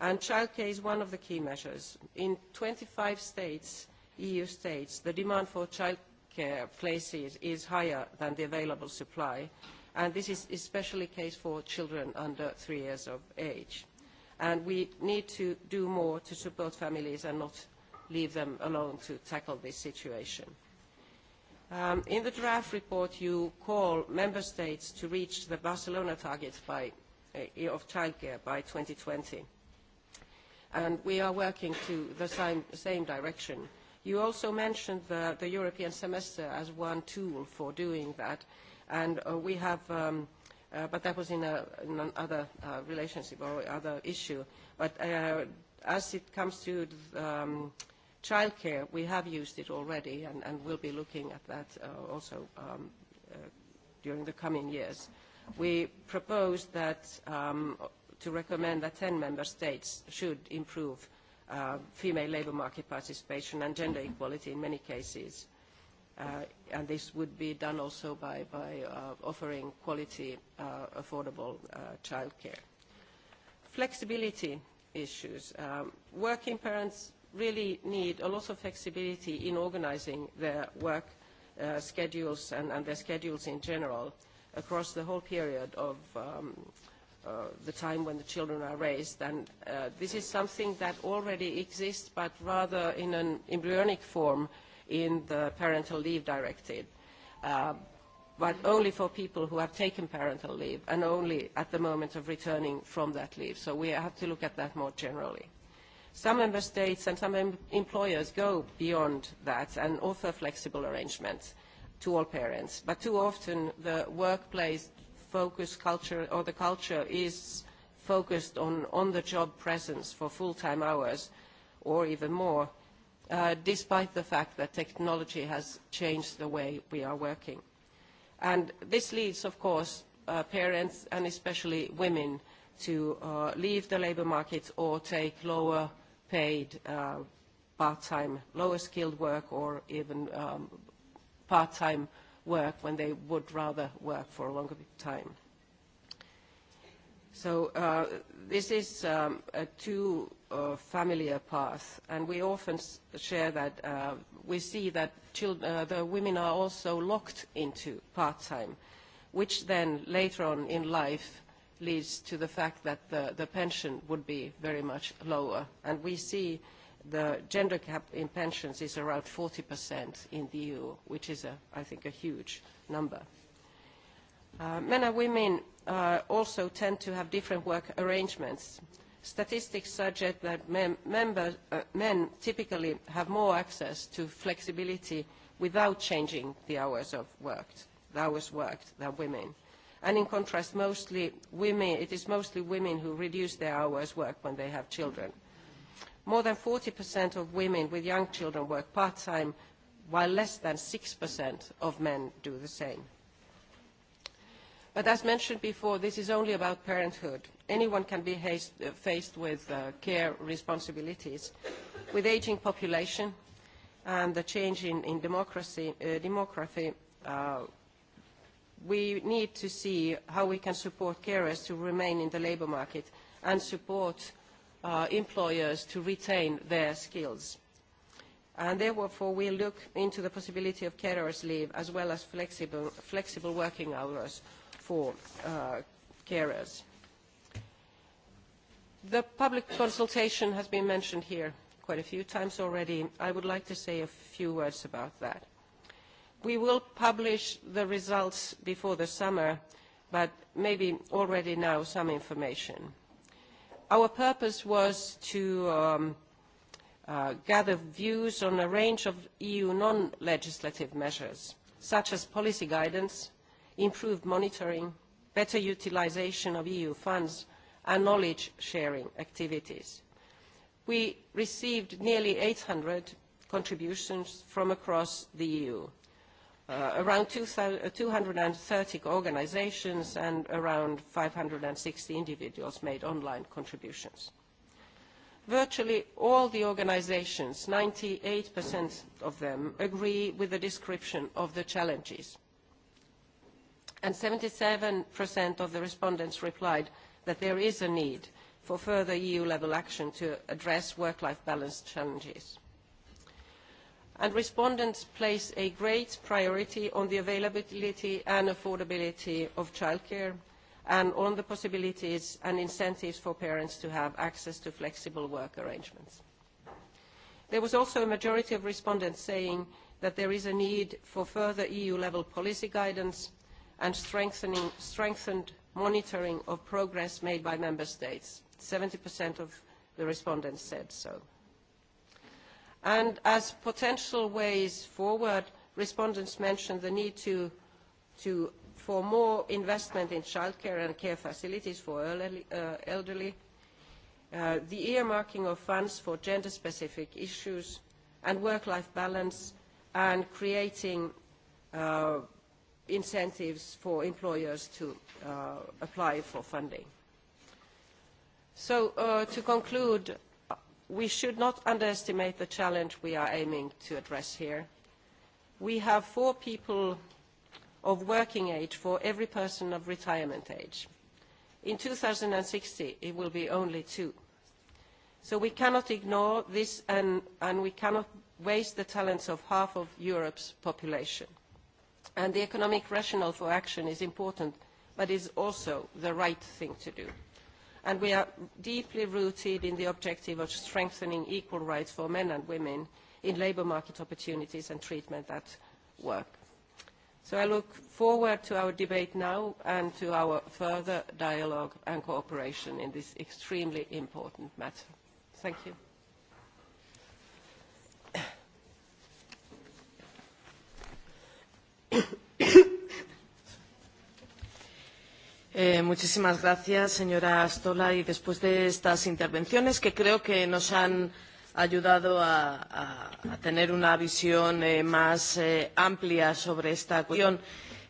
And childcare is one of the key measures. In 25 states, EU states, the demand for childcare places is higher than the available supply, and this is especially the case for children under three years of age. And we need to do more to support families and not leave them alone to tackle this situation. Um, in the draft report, you call member states to reach the Barcelona target by, uh, of childcare by 2020. And we are working to the same, same direction. You also mentioned the, the European semester as one tool for doing that. And uh, we have, um, uh, but that was in, a, in another uh, relationship or other issue. But uh, as it comes to um, uh, Childcare, we have used it already and, and we'll be looking at that uh, also um, uh, during the coming years. We proposed that um, to recommend that 10 member states should improve uh, female labour market participation and gender equality in many cases. Uh, and this would be done also by, by uh, offering quality, uh, affordable uh, childcare. Flexibility issues. Um, working parents really need a lot of flexibility in organizing their work uh, schedules and, and their schedules in general across the whole period of um, uh, the time when the children are raised. And uh, this is something that already exists, but rather in an embryonic form in the parental leave directive, uh, but only for people who have taken parental leave and only at the moment of returning from that leave. So we have to look at that more generally. Some member states and some em employers go beyond that and offer flexible arrangements to all parents. But too often the workplace focus culture or the culture is focused on on-the-job presence for full-time hours or even more, uh, despite the fact that technology has changed the way we are working. And this leads, of course, uh, parents and especially women to uh, leave the labour market or take lower uh, paid uh, part-time lower skilled work or even um, part-time work when they would rather work for a longer time. So uh, this is um, a too uh, familiar path, and we often share that uh, we see that uh, the women are also locked into part-time, which then later on in life leads to the fact that the, the pension would be very much lower. And we see the gender gap in pensions is around 40% in the EU, which is, a, I think, a huge number. Uh, men and women uh, also tend to have different work arrangements. Statistics suggest that mem member, uh, men typically have more access to flexibility without changing the hours of worked, the hours worked than women. And in contrast, mostly women, it is mostly women who reduce their hours worked when they have children. More than 40% of women with young children work part-time, while less than 6% of men do the same. But as mentioned before, this is only about parenthood. Anyone can be haste, uh, faced with uh, care responsibilities. With aging population and the change in, in democracy, uh, demography, uh, we need to see how we can support carers to remain in the labour market and support uh, employers to retain their skills. And therefore, we look into the possibility of carers' leave as well as flexible, flexible working hours for uh, carers. The public consultation has been mentioned here quite a few times already. I would like to say a few words about that. We will publish the results before the summer, but maybe already now some information. Our purpose was to um, uh, gather views on a range of EU non-legislative measures, such as policy guidance, improved monitoring, better utilization of EU funds, and knowledge-sharing activities. We received nearly 800 contributions from across the EU uh, around 230 uh, organizations and around 560 individuals made online contributions. Virtually all the organizations, 98% of them, agree with the description of the challenges. And 77% of the respondents replied that there is a need for further EU-level action to address work-life balance challenges and respondents place a great priority on the availability and affordability of childcare and on the possibilities and incentives for parents to have access to flexible work arrangements. There was also a majority of respondents saying that there is a need for further EU-level policy guidance and strengthened monitoring of progress made by member states. 70% of the respondents said so. And as potential ways forward, respondents mentioned the need to, to, for more investment in childcare and care facilities for elderly, uh, elderly uh, the earmarking of funds for gender-specific issues and work-life balance, and creating uh, incentives for employers to uh, apply for funding. So uh, to conclude, we should not underestimate the challenge we are aiming to address here. We have four people of working age for every person of retirement age. In 2060, it will be only two. So we cannot ignore this and, and we cannot waste the talents of half of Europe's population. And the economic rationale for action is important, but is also the right thing to do and we are deeply rooted in the objective of strengthening equal rights for men and women in labour market opportunities and treatment at work. So I look forward to our debate now and to our further dialogue and cooperation in this extremely important matter. Thank you. Eh, muchísimas gracias, señora Astola. Y después de estas intervenciones, que creo que nos han ayudado a, a, a tener una visión eh, más eh, amplia sobre esta cuestión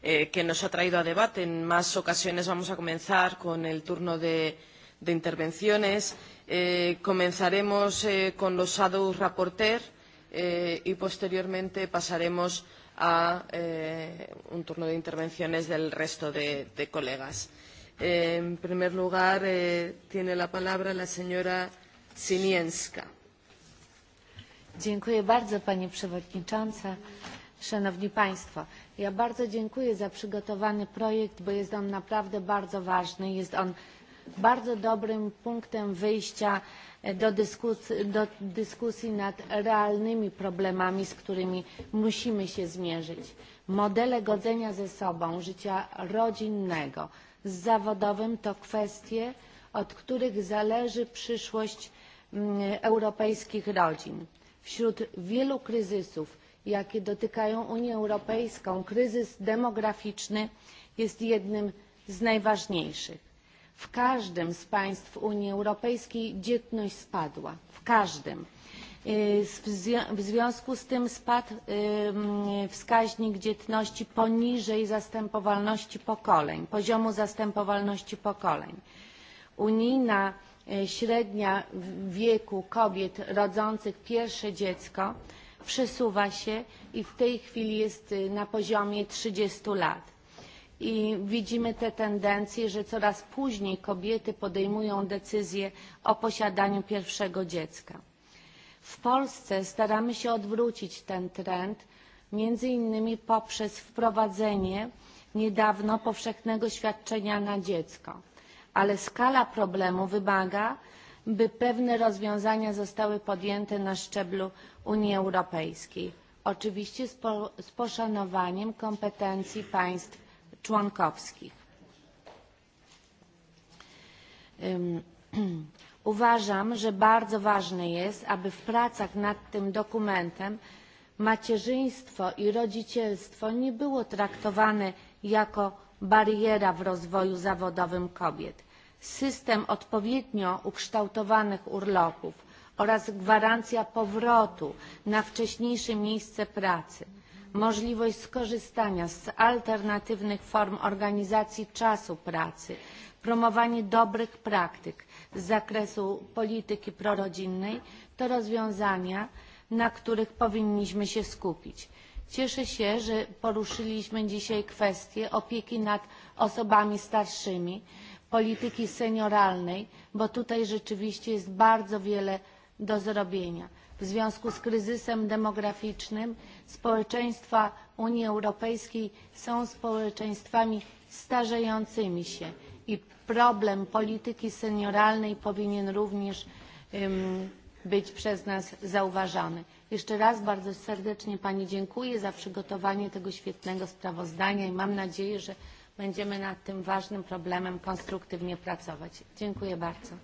eh, que nos ha traído a debate. En más ocasiones vamos a comenzar con el turno de, de intervenciones. Eh, comenzaremos eh, con los shadow rapporteur eh, y posteriormente pasaremos a a eh, un turno de intervenciones del resto de, de colegas. Eh, en primer lugar, eh, tiene la palabra la señora Sinienska. Dziękuję bardzo, Pani Przewodnicząca. Szanowni Państwo, ja bardzo dziękuję za przygotowany projekt, bo jest on naprawdę bardzo ważny. Jest on bardzo dobrym punktem wyjścia do dyskusji, do dyskusji nad realnymi problemami, z którymi musimy się zmierzyć. Modele godzenia ze sobą życia rodzinnego z zawodowym to kwestie, od których zależy przyszłość mm, europejskich rodzin. Wśród wielu kryzysów, jakie dotykają Unię Europejską, kryzys demograficzny jest jednym z najważniejszych W każdym z państw Unii Europejskiej dzietność spadła. W każdym. W związku z tym spadł wskaźnik dzietności poniżej zastępowalności pokoleń, poziomu zastępowalności pokoleń. Unijna średnia wieku kobiet rodzących pierwsze dziecko przesuwa się i w tej chwili jest na poziomie 30 lat i widzimy te tendencje, że coraz później kobiety podejmują decyzję o posiadaniu pierwszego dziecka. W Polsce staramy się odwrócić ten trend, między innymi poprzez wprowadzenie niedawno powszechnego świadczenia na dziecko. Ale skala problemu wymaga, by pewne rozwiązania zostały podjęte na szczeblu Unii Europejskiej. Oczywiście z, po, z poszanowaniem kompetencji państw członkowskich. Uważam, że bardzo ważne jest, aby w pracach nad tym dokumentem macierzyństwo i rodzicielstwo nie było traktowane jako bariera w rozwoju zawodowym kobiet. System odpowiednio ukształtowanych urlopów oraz gwarancja powrotu na wcześniejsze miejsce pracy – możliwość skorzystania z alternatywnych form organizacji czasu pracy, promowanie dobrych praktyk z zakresu polityki prorodzinnej to rozwiązania, na których powinniśmy się skupić. Cieszę się, że poruszyliśmy dzisiaj kwestię opieki nad osobami starszymi, polityki senioralnej, bo tutaj rzeczywiście jest bardzo wiele do zrobienia. W związku z kryzysem demograficznym społeczeństwa Unii Europejskiej są społeczeństwami starzejącymi się i problem polityki senioralnej powinien również um, być przez nas zauważany. Jeszcze raz bardzo serdecznie Pani dziękuję za przygotowanie tego świetnego sprawozdania i mam nadzieję, że będziemy nad tym ważnym problemem konstruktywnie pracować. Dziękuję bardzo.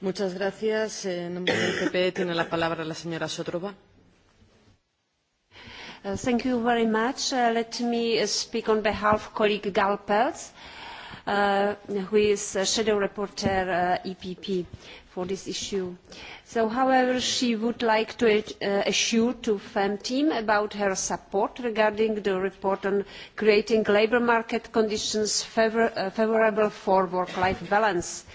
Muchas gracias. En nombre del PP tiene la palabra la señora Sotrova. Uh, thank you very much. Uh, let me uh, speak on behalf of colleague Galpels, uh, who is a shadow reporter uh, EPP for this issue. So, however, she would like to uh, assure to FEM team about her support regarding the report on creating labour market conditions favor uh, favourable for work-life balance. Uh,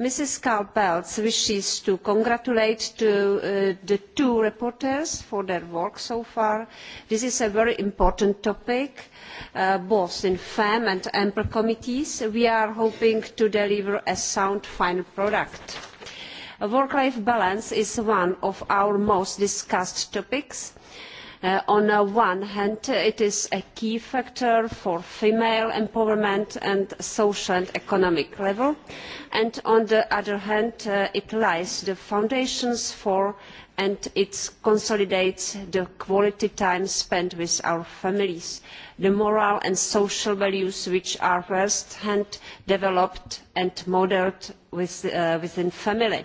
Mrs. Kalpelts wishes to congratulate to, uh, the two reporters for their work so far. This is a very important topic, uh, both in FEM and ample committees. We are hoping to deliver a sound final product. Work-life balance is one of our most discussed topics Uh, on the one hand, it is a key factor for female empowerment and social and economic level, and on the other hand, uh, it lies the foundations for and it consolidates the quality time spent with our families, the moral and social values which are first hand developed and modelled with, uh, within family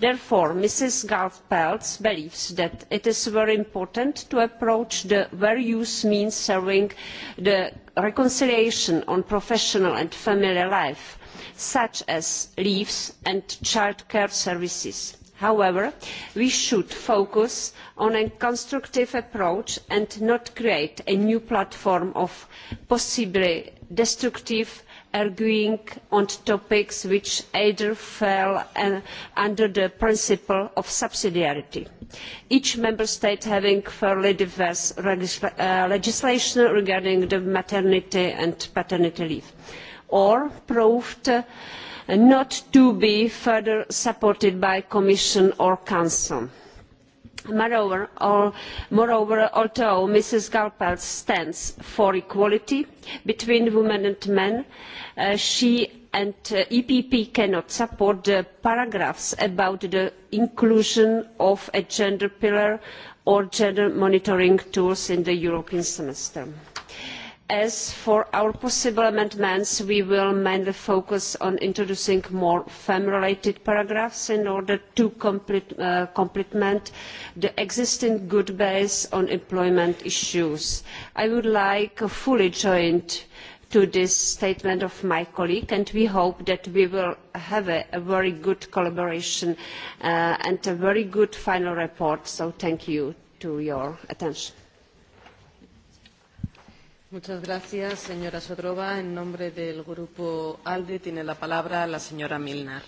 therefore ms garca pelcz believes that it is very important to approach the various means serving the reconciliation of professional and family life such as leave and childcare services. however we should focus on a constructive approach and not create a new platform of possibly destructive arguing on topics which either fell uh, under the principle of subsidiarity, each member state having fairly diverse legis uh, legislation regarding the maternity and paternity leave, or proved uh, not to be further supported by Commission or Council Moreover, or, moreover, although Mrs. Galpel stands for equality between women and men, uh, she and uh, EPP cannot support the paragraphs about the inclusion of a gender pillar or gender monitoring tools in the European semester as for our possible amendments we will mainly focus on introducing more fem related paragraphs in order to complete, uh, complement the existing good base on employment issues. i would like a fully joined to this statement of my colleague and we hope that we will have a, a very good collaboration uh, and a very good final report so thank you for your attention. Muchas gracias, señora Sodrova. En nombre del grupo ALDE tiene la palabra la señora Milnar.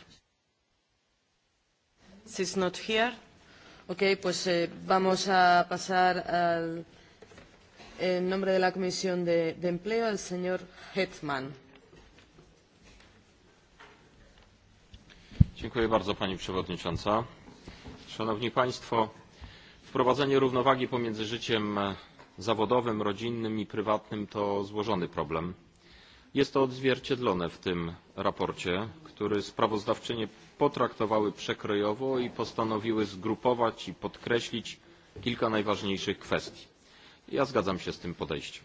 She's not here. Ok, pues eh, vamos a pasar al en nombre de la Comisión de, de Empleo al señor Hetman. Dziękuję bardzo Pani Przewodnicząca. Szanowni Państwo, wprowadzenie równowagi pomiędzy życiem zawodowym, rodzinnym i prywatnym to złożony problem. Jest to odzwierciedlone w tym raporcie, który sprawozdawczynie potraktowały przekrojowo i postanowiły zgrupować i podkreślić kilka najważniejszych kwestii. Ja zgadzam się z tym podejściem.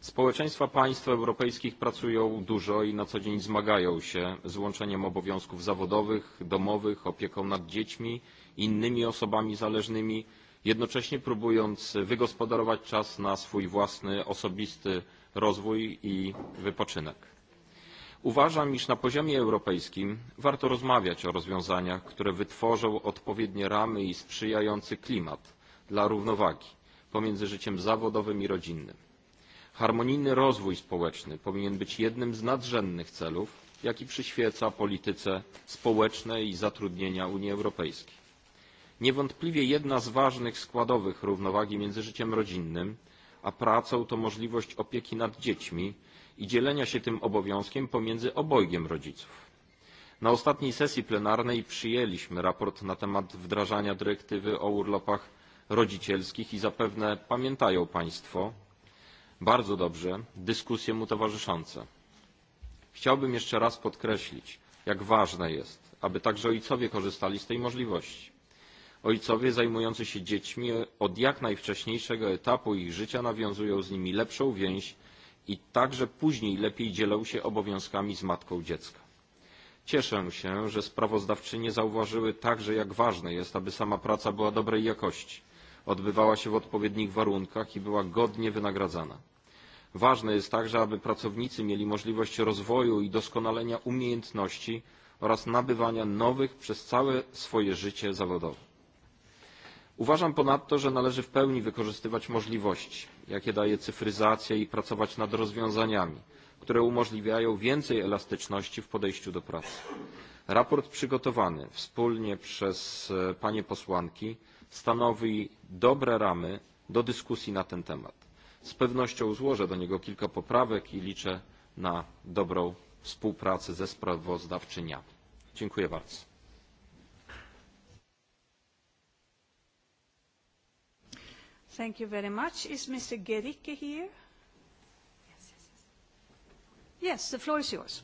Społeczeństwa państw europejskich pracują dużo i na co dzień zmagają się z łączeniem obowiązków zawodowych, domowych, opieką nad dziećmi, innymi osobami zależnymi jednocześnie próbując wygospodarować czas na swój własny osobisty rozwój i wypoczynek. Uważam, iż na poziomie europejskim warto rozmawiać o rozwiązaniach, które wytworzą odpowiednie ramy i sprzyjający klimat dla równowagi pomiędzy życiem zawodowym i rodzinnym. Harmonijny rozwój społeczny powinien być jednym z nadrzędnych celów, jaki przyświeca polityce społecznej i zatrudnienia Unii Europejskiej. Niewątpliwie jedna z ważnych składowych równowagi między życiem rodzinnym a pracą to możliwość opieki nad dziećmi i dzielenia się tym obowiązkiem pomiędzy obojgiem rodziców. Na ostatniej sesji plenarnej przyjęliśmy raport na temat wdrażania dyrektywy o urlopach rodzicielskich i zapewne pamiętają Państwo bardzo dobrze dyskusje mu towarzyszące. Chciałbym jeszcze raz podkreślić, jak ważne jest, aby także ojcowie korzystali z tej możliwości. Ojcowie zajmujący się dziećmi od jak najwcześniejszego etapu ich życia nawiązują z nimi lepszą więź i także później lepiej dzielą się obowiązkami z matką dziecka. Cieszę się, że sprawozdawczynie zauważyły także, jak ważne jest, aby sama praca była dobrej jakości, odbywała się w odpowiednich warunkach i była godnie wynagradzana. Ważne jest także, aby pracownicy mieli możliwość rozwoju i doskonalenia umiejętności oraz nabywania nowych przez całe swoje życie zawodowe. Uważam ponadto, że należy w pełni wykorzystywać możliwości, jakie daje cyfryzacja i pracować nad rozwiązaniami, które umożliwiają więcej elastyczności w podejściu do pracy. Raport przygotowany wspólnie przez e, panie posłanki stanowi dobre ramy do dyskusji na ten temat. Z pewnością złożę do niego kilka poprawek i liczę na dobrą współpracę ze sprawozdawczyniami. Dziękuję bardzo. Thank you very much. Is Mr. Gericke here? Yes, yes, yes. yes the floor is yours.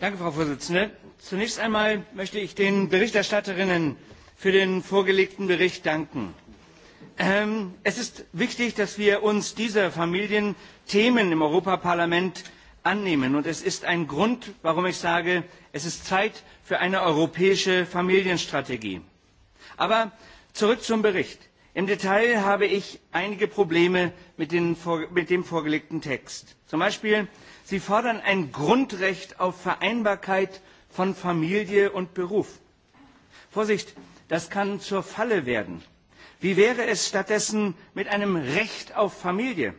Danke, Frau Vorsitzende. Zunächst einmal möchte ich den Berichterstatterinnen für den vorgelegten Bericht danken. Ähm, es ist wichtig, dass wir uns dieser Familienthemen im Europaparlament annehmen. Und es ist ein Grund, warum ich sage, es ist Zeit für eine europäische Familienstrategie. Aber Zurück zum Bericht. Im Detail habe ich einige Probleme mit, den, mit dem vorgelegten Text. Zum Beispiel, Sie fordern ein Grundrecht auf Vereinbarkeit von Familie und Beruf. Vorsicht, das kann zur Falle werden. Wie wäre es stattdessen mit einem Recht auf Familie?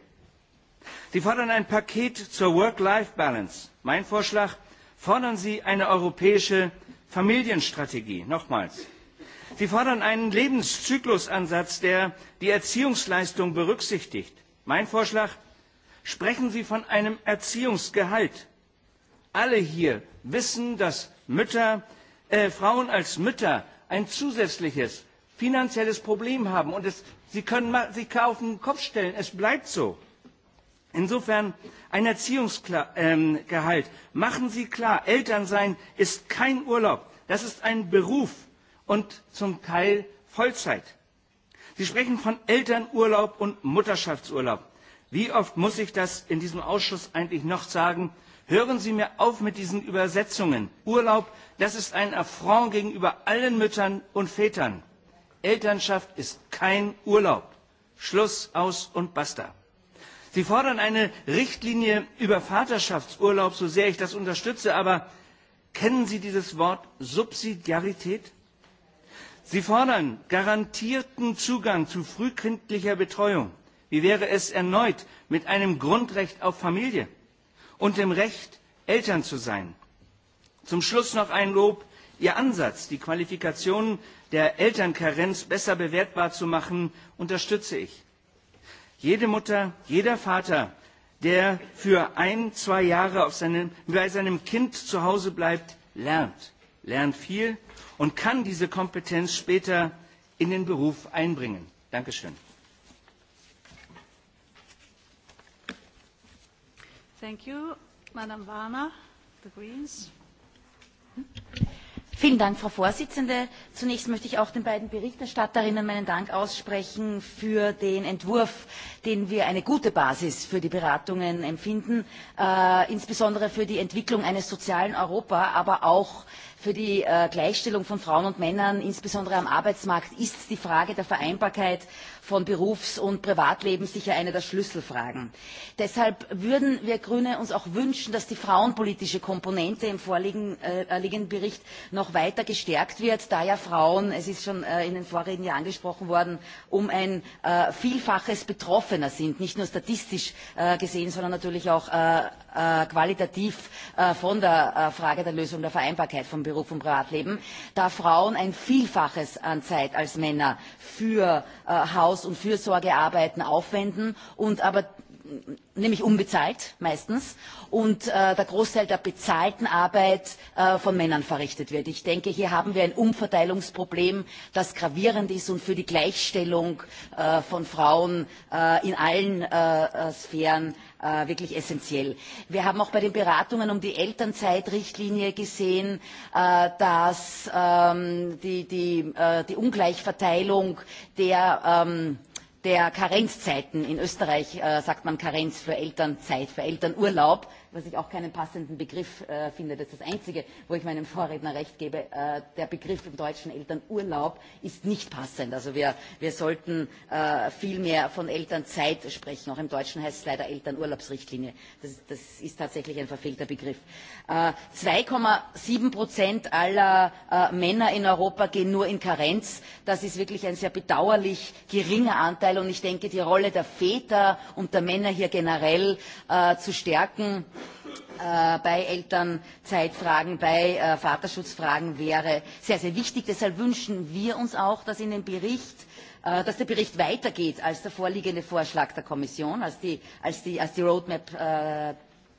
Sie fordern ein Paket zur Work-Life-Balance. Mein Vorschlag, fordern Sie eine europäische Familienstrategie. Nochmals, Sie fordern einen Lebenszyklusansatz, der die Erziehungsleistung berücksichtigt. Mein Vorschlag, sprechen Sie von einem Erziehungsgehalt. Alle hier wissen, dass Mütter, äh, Frauen als Mütter ein zusätzliches finanzielles Problem haben und es, sie können sich auf den Kopf stellen. Es bleibt so. Insofern ein Erziehungsgehalt. Ähm, Machen Sie klar, Elternsein ist kein Urlaub. Das ist ein Beruf und zum Teil Vollzeit. Sie sprechen von Elternurlaub und Mutterschaftsurlaub. Wie oft muss ich das in diesem Ausschuss eigentlich noch sagen? Hören Sie mir auf mit diesen Übersetzungen. Urlaub, das ist ein Affront gegenüber allen Müttern und Vätern. Elternschaft ist kein Urlaub. Schluss, aus und basta. Sie fordern eine Richtlinie über Vaterschaftsurlaub, so sehr ich das unterstütze, aber kennen Sie dieses Wort Subsidiarität? Sie fordern garantierten Zugang zu frühkindlicher Betreuung. Wie wäre es erneut mit einem Grundrecht auf Familie und dem Recht, Eltern zu sein? Zum Schluss noch ein Lob. Ihr Ansatz, die Qualifikationen der Elternkarenz besser bewertbar zu machen, unterstütze ich. Jede Mutter, jeder Vater, der für ein, zwei Jahre auf seinem, bei seinem Kind zu Hause bleibt, lernt lernt viel und kann diese Kompetenz später in den Beruf einbringen. Dankeschön. Thank you, Madam Warner, the Greens. Vielen Dank, Frau Vorsitzende. Zunächst möchte ich auch den beiden Berichterstatterinnen meinen Dank aussprechen für den Entwurf, den wir eine gute Basis für die Beratungen empfinden, äh, insbesondere für die Entwicklung eines sozialen Europa, aber auch für die äh, Gleichstellung von Frauen und Männern, insbesondere am Arbeitsmarkt, ist die Frage der Vereinbarkeit von Berufs- und Privatleben sicher eine der Schlüsselfragen. Deshalb würden wir Grüne uns auch wünschen, dass die frauenpolitische Komponente im vorliegenden äh, Bericht noch weiter gestärkt wird, da ja Frauen, es ist schon äh, in den Vorreden ja angesprochen worden, um ein äh, Vielfaches betroffener sind, nicht nur statistisch gesehen, sondern natürlich auch qualitativ von der Frage der Lösung der Vereinbarkeit von Beruf und Privatleben, da Frauen ein Vielfaches an Zeit als Männer für Haus Haus- und Fürsorgearbeiten aufwenden und aber nämlich unbezahlt meistens und äh, der Großteil der bezahlten Arbeit äh, von Männern verrichtet wird. Ich denke, hier haben wir ein Umverteilungsproblem, das gravierend ist und für die Gleichstellung äh, von Frauen äh, in allen äh, äh Sphären äh, wirklich essentiell. Wir haben auch bei den Beratungen um die Elternzeitrichtlinie gesehen, äh, dass ähm, die, die, äh, die Ungleichverteilung der ähm, der Karenzzeiten. In Österreich äh, sagt man Karenz für Elternzeit, für Elternurlaub was ich auch keinen passenden Begriff äh, finde. Das ist das Einzige, wo ich meinem Vorredner recht gebe. Äh, der Begriff im deutschen Elternurlaub ist nicht passend. Also wir, wir sollten äh, viel mehr von Elternzeit sprechen. Auch im Deutschen heißt es leider Elternurlaubsrichtlinie. Das, das ist tatsächlich ein verfehlter Begriff. Äh, 2,7 Prozent aller äh, Männer in Europa gehen nur in Karenz. Das ist wirklich ein sehr bedauerlich geringer Anteil. Und ich denke, die Rolle der Väter und der Männer hier generell äh, zu stärken, äh, bei Elternzeitfragen, bei äh, Vaterschutzfragen wäre sehr, sehr wichtig. Deshalb wünschen wir uns auch, dass in dem Bericht äh, dass der Bericht weitergeht als der vorliegende Vorschlag der Kommission, als die, als die, als die Roadmap äh,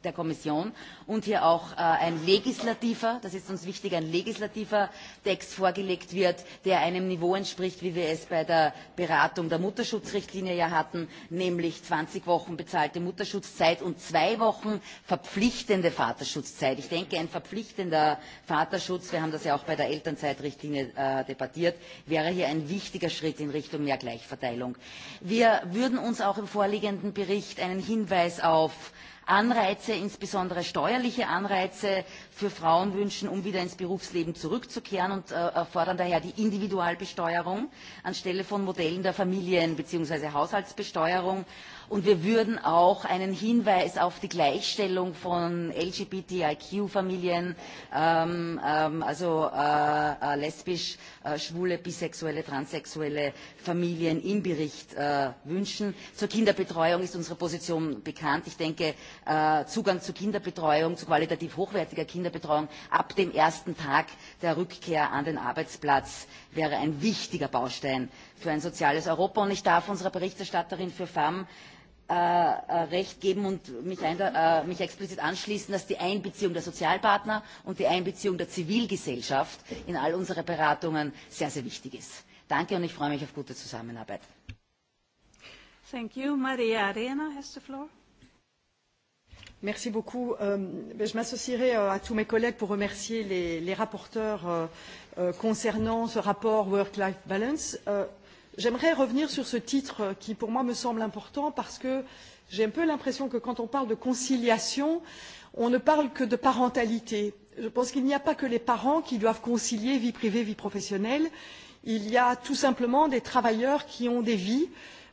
der Kommission und hier auch äh, ein legislativer, das ist uns wichtig, ein legislativer Text vorgelegt wird, der einem Niveau entspricht, wie wir es bei der Beratung der Mutterschutzrichtlinie ja hatten, nämlich 20 Wochen bezahlte Mutterschutzzeit und zwei Wochen verpflichtende Vaterschutzzeit. Ich denke, ein verpflichtender Vaterschutz, wir haben das ja auch bei der Elternzeitrichtlinie äh, debattiert, wäre hier ein wichtiger Schritt in Richtung mehr Gleichverteilung. Wir würden uns auch im vorliegenden Bericht einen Hinweis auf äh, Anreize, insbesondere steuerliche Anreize für Frauen wünschen, um wieder ins Berufsleben zurückzukehren und äh, fordern daher die Individualbesteuerung anstelle von Modellen der Familien- bzw. Haushaltsbesteuerung Und wir würden auch einen Hinweis auf die Gleichstellung von LGBTIQ-Familien, ähm, ähm, also äh, äh, lesbisch, äh, schwule, bisexuelle, transsexuelle Familien im Bericht äh, wünschen. Zur Kinderbetreuung ist unsere Position bekannt. Ich denke, äh, Zugang zu Kinderbetreuung, zu qualitativ hochwertiger Kinderbetreuung ab dem ersten Tag der Rückkehr an den Arbeitsplatz wäre ein wichtiger Baustein für ein soziales Europa. Und ich darf unserer Berichterstatterin für FAM Äh, äh, recht geben und mich, ein, äh, mich explizit anschließen, dass die Einbeziehung der Sozialpartner und die Einbeziehung der Zivilgesellschaft in all unsere Beratungen sehr, sehr wichtig ist. Danke und ich freue mich auf gute Zusammenarbeit. Thank you. Maria Arena has the floor. Merci beaucoup. Euh, je m'associerai euh, à tous mes collègues pour remercier les, les rapporteurs euh, euh, concernant ce rapport Work-Life Balance. Euh, J'aimerais revenir sur ce titre qui, pour moi, me semble important parce que j'ai un peu l'impression que quand on parle de conciliation, on ne parle que de parentalité. Je pense qu'il n'y a pas que les parents qui doivent concilier vie privée, vie professionnelle. Il y a tout simplement des travailleurs qui ont des vies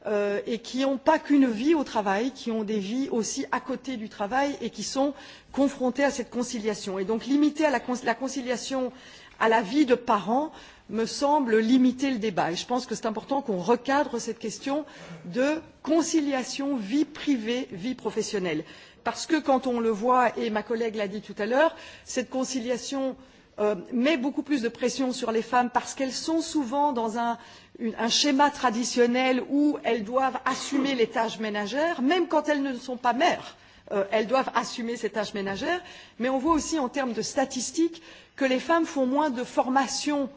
euh, et qui n'ont pas qu'une vie au travail, qui ont des vies aussi à côté du travail et qui sont confrontés à cette conciliation. Et donc limiter à la, con la conciliation à la vie de parents me semble limiter le débat et je pense que c'est important qu'on recadre cette question de conciliation vie privée vie professionnelle parce que quand on le voit et ma collègue l'a dit tout à l'heure cette conciliation euh, met beaucoup plus de pression sur les femmes parce qu'elles sont souvent dans un, une, un schéma traditionnel où elles doivent assumer les tâches ménagères même quand elles ne sont pas mères euh, elles doivent assumer ces tâches ménagères mais on voit aussi en termes de statistiques que les femmes font moins de formations euh,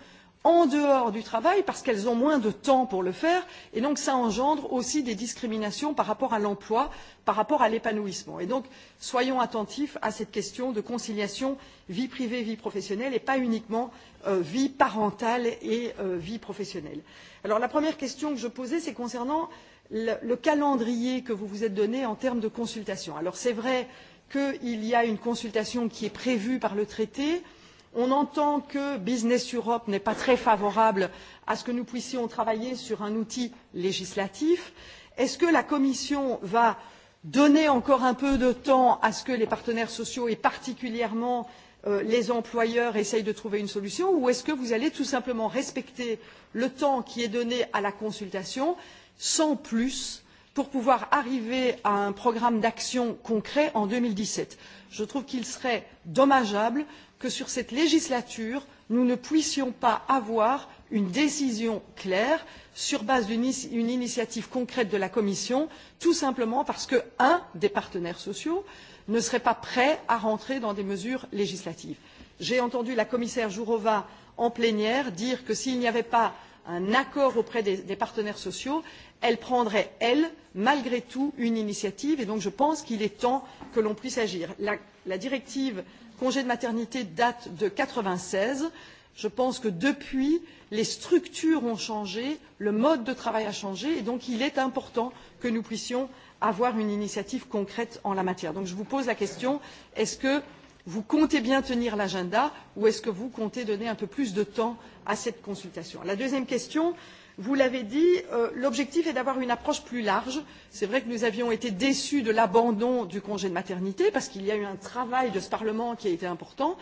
en dehors du travail parce qu'elles ont moins de temps pour le faire et donc ça engendre aussi des discriminations par rapport à l'emploi, par rapport à l'épanouissement. Et donc soyons attentifs à cette question de conciliation vie privée vie professionnelle et pas uniquement euh, vie parentale et euh, vie professionnelle. Alors la première question que je posais c'est concernant le, le calendrier que vous vous êtes donné en termes de consultation. Alors c'est vrai qu'il y a une consultation qui est prévue par le traité euh, on entend que business europe n'est pas très favorable à ce que nous puissions travailler sur un outil législatif est ce que la commission va donner encore un peu de temps à ce que les partenaires sociaux et particulièrement euh, les employeurs essayent de trouver une solution ou est ce que vous allez tout simplement respecter le temps qui est donné à la consultation sans plus pour pouvoir arriver à un programme d'action concret en deux mille dix sept je trouve qu'il serait dommageable que sur cette législature nous ne puissions pas avoir une décision claire sur la base d'une initiative concrète de la commission tout simplement parce qu'un des partenaires sociaux ne serait pas prêt à entrer dans des mesures législatives. j'ai entendu la commissaire jourov en plénière dire que s'il n'y avait pas un accord auprès des, des partenaires sociaux elle prendrait elle malgré tout une initiative et donc je pense qu'il est temps que l'on puisse agir. la, la directive congé de maternité date de quatre vingt seize je pense que depuis les structures ont changé le mode de travail a changé et donc il est important que nous puissions avoir une initiative concrète en la matière. donc je vous pose la question est ce que vous comptez bien tenir l'agenda ou est ce que vous comptez donner un peu plus de temps à cette consultation? la deuxième question porte vous l'avez dit euh, l'objectif est d'avoir une approche plus large. c'est vrai que nous avions été déçus de l'abandon du congé de maternité parce qu'il y a eu un travail de ce parlement qui a été important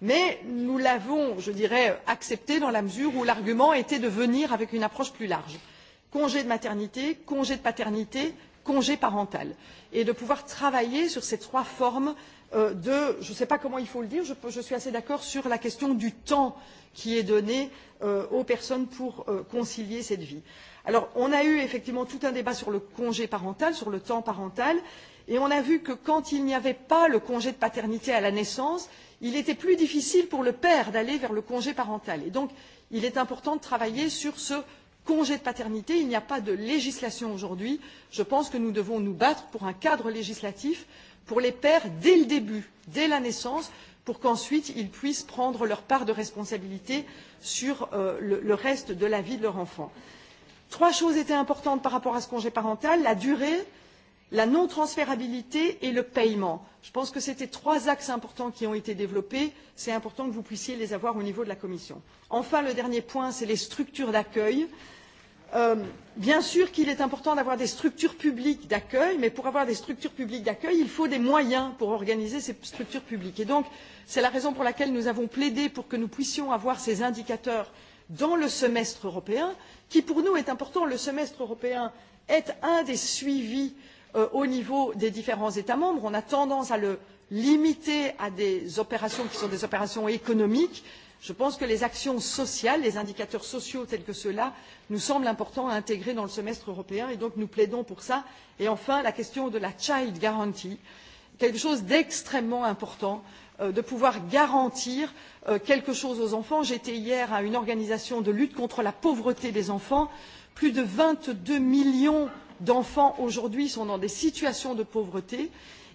mais nous l'avons je dirais accepté dans la mesure où l'argument était de venir avec une approche plus large congé de maternité congé de paternité congé parental et de pouvoir travailler sur ces trois formes euh, Euh, de je ne sais pas comment il faut le dire je, je suis assez d'accord sur la question du temps qui est donné euh, aux personnes pour euh, concilier cette vie. Alors, on a eu effectivement tout un débat sur le congé parental sur le temps parental et on a vu que quand il n'y avait pas le congé de paternité à la naissance il était plus difficile pour le père d'aller vers le congé parental et donc il est important de travailler sur ce congé de paternité il n'y a pas de législation aujourd'hui je pense que nous devons nous battre pour un cadre législatif qui pour les pères dès le début, dès la naissance, pour qu'ensuite ils puissent prendre leur part de responsabilité sur euh, le, le reste de la vie de leur enfant. Trois choses étaient importantes par rapport à ce congé parental la durée, la non transférabilité et le paiement. Je pense que c'était trois axes importants qui ont été développés. C'est important que vous puissiez les avoir au niveau de la Commission. Enfin, le dernier point, c'est les structures d'accueil. Euh, Euh, bien sûr qu'il est important d'avoir des structures publiques d'accueil mais pour avoir des structures publiques d'accueil il faut des moyens pour organiser ces structures publiques et donc c'est la raison pour laquelle nous avons plaidé pour que nous puissions avoir ces indicateurs dans le semestre européen qui pour nous est important le semestre européen est un des suivis euh, au niveau des différents états membres on a tendance à le limiter à des opérations qui sont des opérations économiques mais Je pense que les actions sociales, les indicateurs sociaux tels que ceux-là, nous semblent importants à intégrer dans le semestre européen et donc nous plaidons pour ça. Et enfin, la question de la child guarantee, quelque chose d'extrêmement important euh, de pouvoir garantir euh, quelque chose aux enfants. J'étais hier à une organisation de lutte contre la pauvreté des enfants. Plus de 22 millions d'enfants aujourd'hui sont dans des situations de pauvreté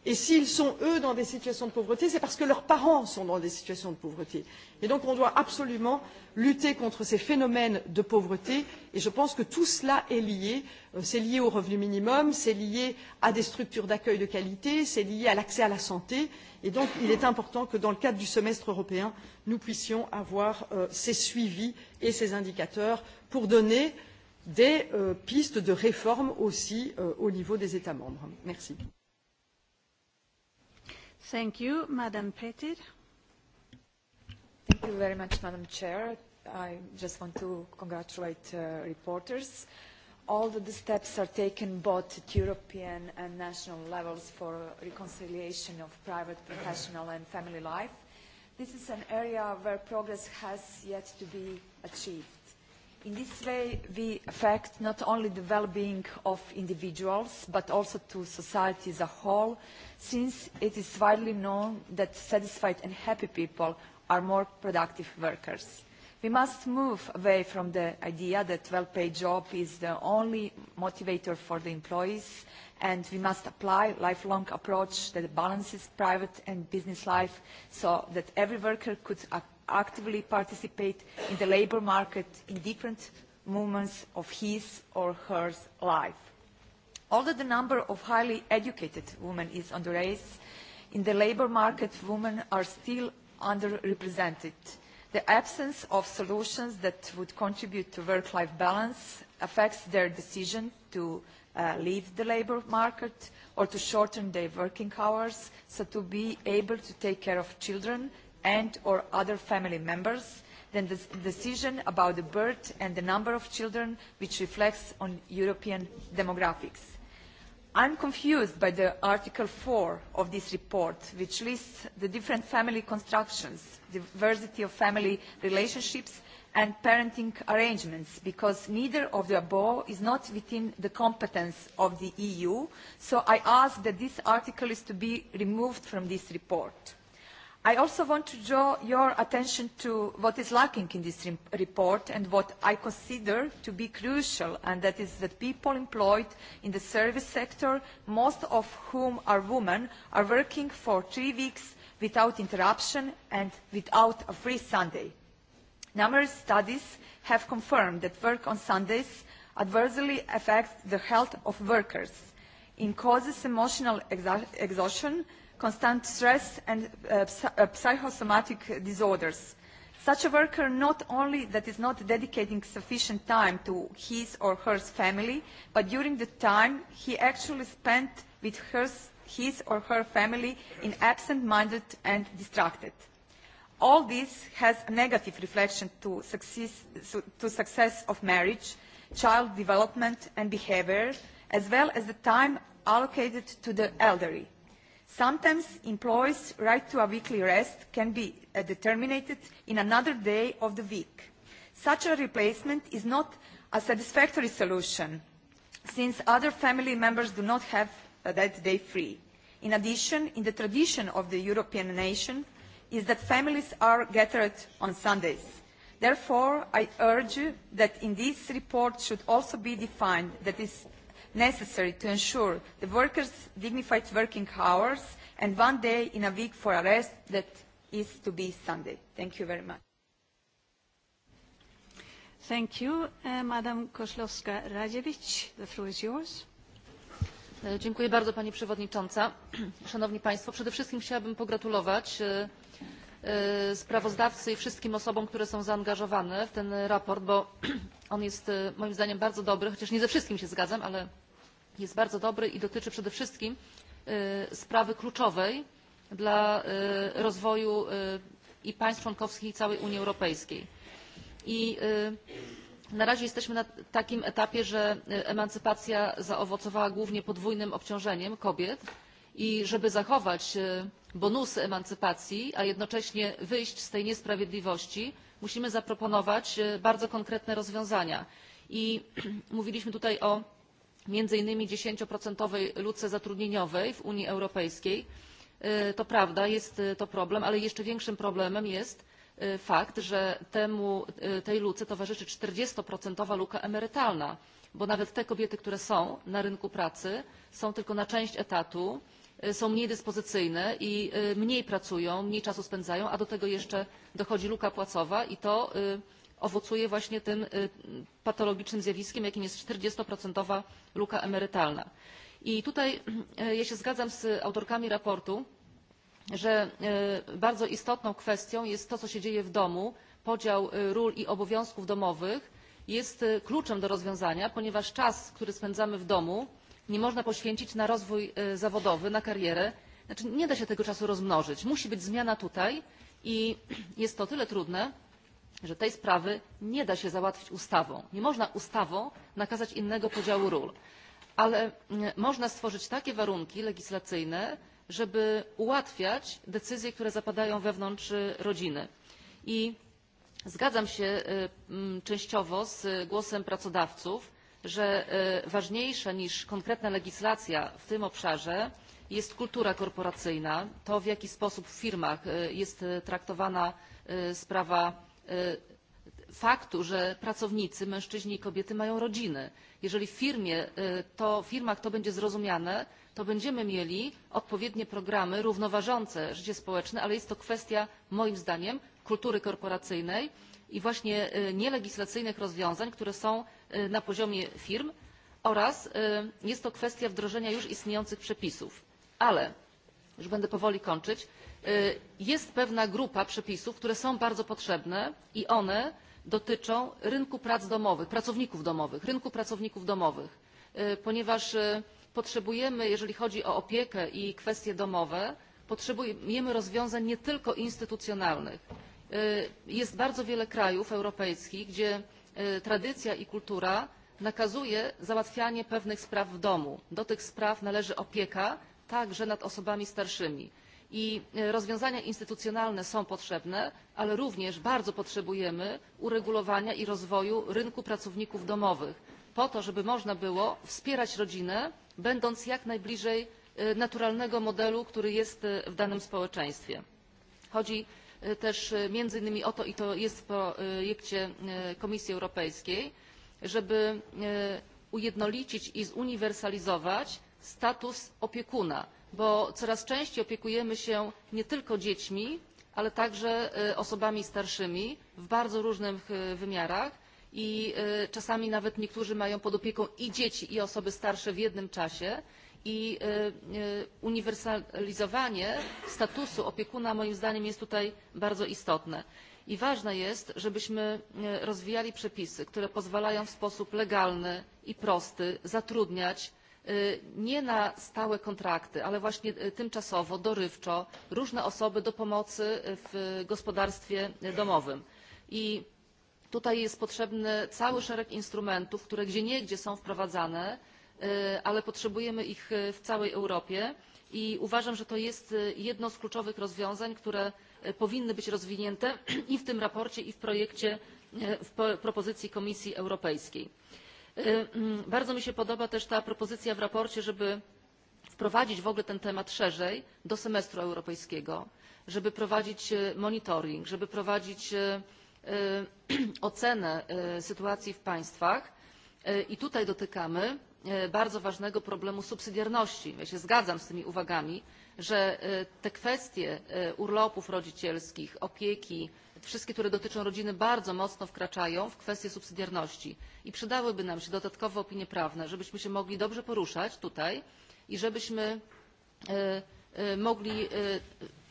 et s'ils sont eux dans des situations de pauvreté c'est parce que leurs parents sont dans des situations de pauvreté et donc on doit absolument lutter contre ces phénomènes de pauvreté et je pense que tout cela est lié euh, c'est lié au revenu minimum c'est lié à des structures d'accueil de qualité c'est lié à l'accès à la santé et donc il est important que dans le cadre du semestre européen nous puissions avoir euh, ces suivis et ces indicateurs pour donner des euh, pistes de réforme aussi euh, au niveau des états membres. merci. Thank you. Madam Petir. Thank you very much, Madam Chair. I just want to congratulate uh, reporters. All the steps are taken both at European and national levels for reconciliation of private, professional and family life. This is an area where progress has yet to be achieved. In this way, we affect not only the well-being of individuals, but also to society as a whole, since it is widely known that satisfied and happy people are more productive workers. We must move away from the idea that well-paid job is the only motivator for the employees and we must apply a lifelong approach that balances private and business life so that every worker could actively participate in the labour market in different moments of his or her life Although the number of highly educated women is on the rise, in the labour market women are still underrepresented. The absence of solutions that would contribute to work-life balance affects their decision to uh, leave the labour market or to shorten their working hours, so to be able to take care of children and or other family members, then the decision about the birth and the number of children which reflects on European demographics. I'm confused by the Article 4 of this report, which lists the different family constructions, diversity of family relationships, and parenting arrangements because neither of the above is not within the competence of the EU, so I ask that this article is to be removed from this report. I also want to draw your attention to what is lacking in this re report and what I consider to be crucial, and that is that people employed in the service sector, most of whom are women, are working for three weeks without interruption and without a free Sunday. Numerous studies have confirmed that work on Sundays adversely affects the health of workers. It causes emotional exha exhaustion, constant stress and uh, uh, psychosomatic disorders. Such a worker not only that is not dedicating sufficient time to his or her family, but during the time he actually spent with hers, his or her family in absent-minded and distracted. All this has a negative reflection to success, to success of marriage, child development and behavior, as well as the time allocated to the elderly Sometimes employees' right to a weekly rest can be uh, determined in another day of the week. Such a replacement is not a satisfactory solution since other family members do not have uh, that day free. In addition, in the tradition of the European nation is that families are gathered on Sundays. Therefore, I urge that in this report should also be defined that is necessary to ensure the workers' dignified working hours and one day in a week for a rest that is to be Sunday. Thank you very much. Thank you. Uh, Madam Koszlowska-Radziewicz, the floor is yours. E, dziękuję bardzo Pani Przewodnicząca. Szanowni Państwo, przede wszystkim chciałabym pogratulować e, e, sprawozdawcy i wszystkim osobom, które są zaangażowane w ten raport, bo on jest moim zdaniem bardzo dobry, chociaż nie ze wszystkim się zgadzam, ale jest bardzo dobry i dotyczy przede wszystkim e, sprawy kluczowej dla e, rozwoju e, i państw członkowskich i całej unii europejskiej. I na razie jesteśmy na takim etapie że emancypacja zaowocowała głównie podwójnym obciążeniem kobiet i żeby zachować bonusy emancypacji a jednocześnie wyjść z tej niesprawiedliwości musimy zaproponować bardzo konkretne rozwiązania i mówiliśmy tutaj o między innymi dziesięcioprocentowej luce zatrudnieniowej w unii europejskiej e, to prawda jest e, to problem ale jeszcze większym problemem jest e, fakt że temu, tej luce towarzyszy czterdziestoprocentowa luka emerytalna bo nawet te kobiety które są na rynku pracy są tylko na część etatu są mniej dyspozycyjne i mniej pracują mniej czasu spędzają a do tego jeszcze dochodzi luka płacowa i to owocuje właśnie tym patologicznym zjawiskiem, jakim jest 40% luka emerytalna. I tutaj ja się zgadzam z autorkami raportu, że bardzo istotną kwestią jest to, co się dzieje w domu, podział ról i obowiązków domowych jest kluczem do rozwiązania, ponieważ czas, który spędzamy w domu, nie można poświęcić na rozwój zawodowy, na karierę. Znaczy, nie da się tego czasu rozmnożyć. Musi być zmiana tutaj i jest to tyle trudne, że tej sprawy nie da się załatwić ustawą. Nie można ustawą nakazać innego podziału ról, ale mm, można stworzyć takie warunki legislacyjne, żeby ułatwiać decyzje, które zapadają wewnątrz rodziny. I zgadzam się mm, częściowo z głosem pracodawców, że ważniejsza niż konkretna legislacja w tym obszarze jest kultura korporacyjna to w jaki sposób w firmach jest traktowana sprawa E, faktu, że pracownicy, mężczyźni i kobiety mają rodziny. Jeżeli w, firmie e, to, w firmach to będzie zrozumiane, to będziemy mieli odpowiednie programy równoważące życie społeczne, ale jest to kwestia, moim zdaniem, kultury korporacyjnej i właśnie e, nielegislacyjnych rozwiązań, które są na poziomie firm oraz jest to kwestia wdrożenia już istniejących przepisów. Ale, już będę powoli kończyć, E, jest pewna grupa przepisów które są bardzo potrzebne i one dotyczą rynku prac domowych pracowników domowych rynku pracowników domowych e, ponieważ e, potrzebujemy jeżeli chodzi o opiekę i kwestie domowe potrzebujemy rozwiązań nie tylko instytucjonalnych. jest bardzo wiele krajów europejskich gdzie tradycja i kultura nakazuje załatwianie pewnych spraw w domu. do tych spraw należy opieka także nad osobami starszymi i e, rozwiązania instytucjonalne są potrzebne ale również bardzo potrzebujemy uregulowania i rozwoju rynku pracowników domowych po to żeby można było wspierać rodzinę będąc jak najbliżej e, naturalnego modelu który jest e, w danym społeczeństwie. chodzi też między innymi o to i to jest w projekcie komisji europejskiej żeby ujednolicić i zuniwersalizować status opiekuna bo coraz częściej opiekujemy się nie tylko dziećmi ale także e, osobami starszymi w bardzo różnych e, wymiarach i e, czasami nawet niektórzy mają pod opieką i dzieci i osoby starsze w jednym czasie i uniwersalizowanie statusu opiekuna moim zdaniem jest tutaj bardzo istotne i ważne jest żebyśmy rozwijali przepisy które pozwalają w sposób legalny i prosty zatrudniać nie na stałe kontrakty ale właśnie tymczasowo dorywczo różne osoby do pomocy w gospodarstwie domowym i tutaj jest potrzebny cały szereg instrumentów które gdzieniegdzie są wprowadzane ale potrzebujemy ich w całej europie i uważam że to jest jedno z kluczowych rozwiązań które powinny być rozwinięte i w tym sprawozdaniu i w projekcie w propozycji komisji europejskiej. Mm, bardzo mi się podoba też ta propozycja w raporcie, żeby wprowadzić w ogóle ten temat szerzej do semestru europejskiego, żeby prowadzić monitoring, żeby prowadzić ocenę sytuacji w państwach i tutaj dotykamy bardzo ważnego problemu subsydiarności. Ja się zgadzam z tymi uwagami, że te kwestie urlopów rodzicielskich, opieki wszystkie, które dotyczą rodziny, bardzo mocno wkraczają w kwestie subsydiarności i przydałyby nam się dodatkowe opinie prawne, żebyśmy się mogli dobrze poruszać tutaj i żebyśmy e, e, mogli e,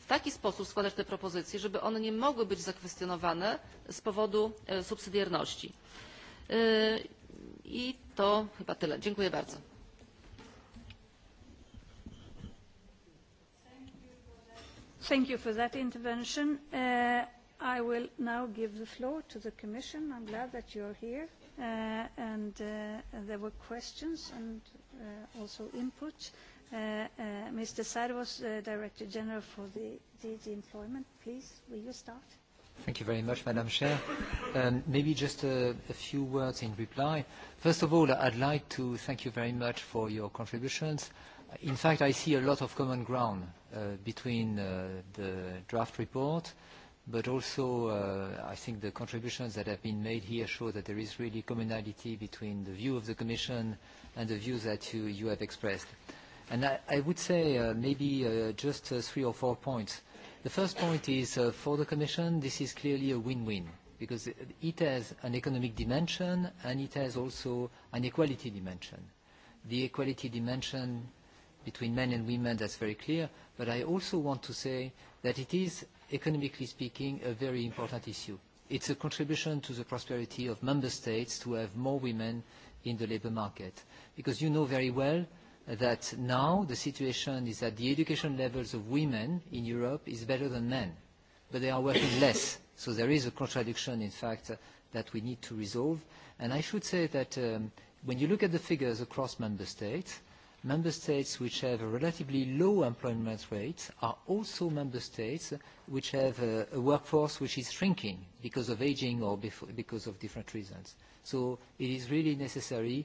w taki sposób składać te propozycje, żeby one nie mogły być zakwestionowane z powodu subsydiarności. I to chyba tyle. Dziękuję bardzo. Thank you for that intervention. Uh, I will now give the floor to the Commission. I'm glad that you're here. Uh, and uh, there were questions and uh, also input. Uh, uh, Mr. Sarvos, uh, Director General for the DG Employment, please, will you start? Thank you very much, Madam Chair. Um, maybe just a, a few words in reply. First of all, I'd like to thank you very much for your contributions. In fact, I see a lot of common ground uh, between uh, the draft report uh, but also uh, I think the contributions that have been made here show that there is really commonality between the view of the Commission and the views that you, you have expressed. And I, I would say uh, maybe uh, just uh, three or four points. The first point is uh, for the Commission, this is clearly a win-win because it has an economic dimension and it has also an equality dimension. The equality dimension between men and women, that's very clear, but I also want to say that it is economically speaking, a very important issue. It's a contribution to the prosperity of member states to have more women in the labor market. Because you know very well that now the situation is that the education levels of women in Europe is better than men, but they are working less. So there is a contradiction, in fact, uh, that we need to resolve. And I should say that um, when you look at the figures across member states, member states which have a relatively low employment rate are also member states which have a, a workforce which is shrinking because of aging or because of different reasons. So it is really necessary,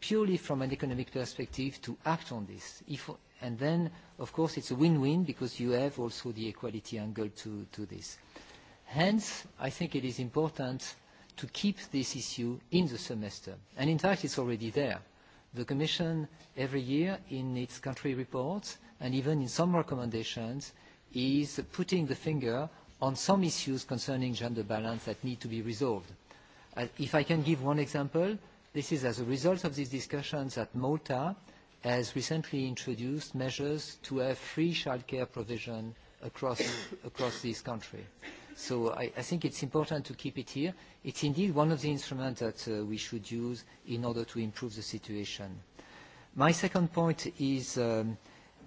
purely from an economic perspective, to act on this. If, and then, of course, it's a win-win because you have also the equality angle to, to this. Hence, I think it is important to keep this issue in the semester. And in fact, it's already there the Commission every year in its country reports and even in some recommendations is putting the finger on some issues concerning gender balance that need to be resolved. Uh, if I can give one example, this is as a result of these discussions that Malta has recently introduced measures to have free childcare provision across, across this country. So I, I think it's important to keep it here. It's indeed one of the instruments that uh, we should use in order to improve the situation. My second point is um,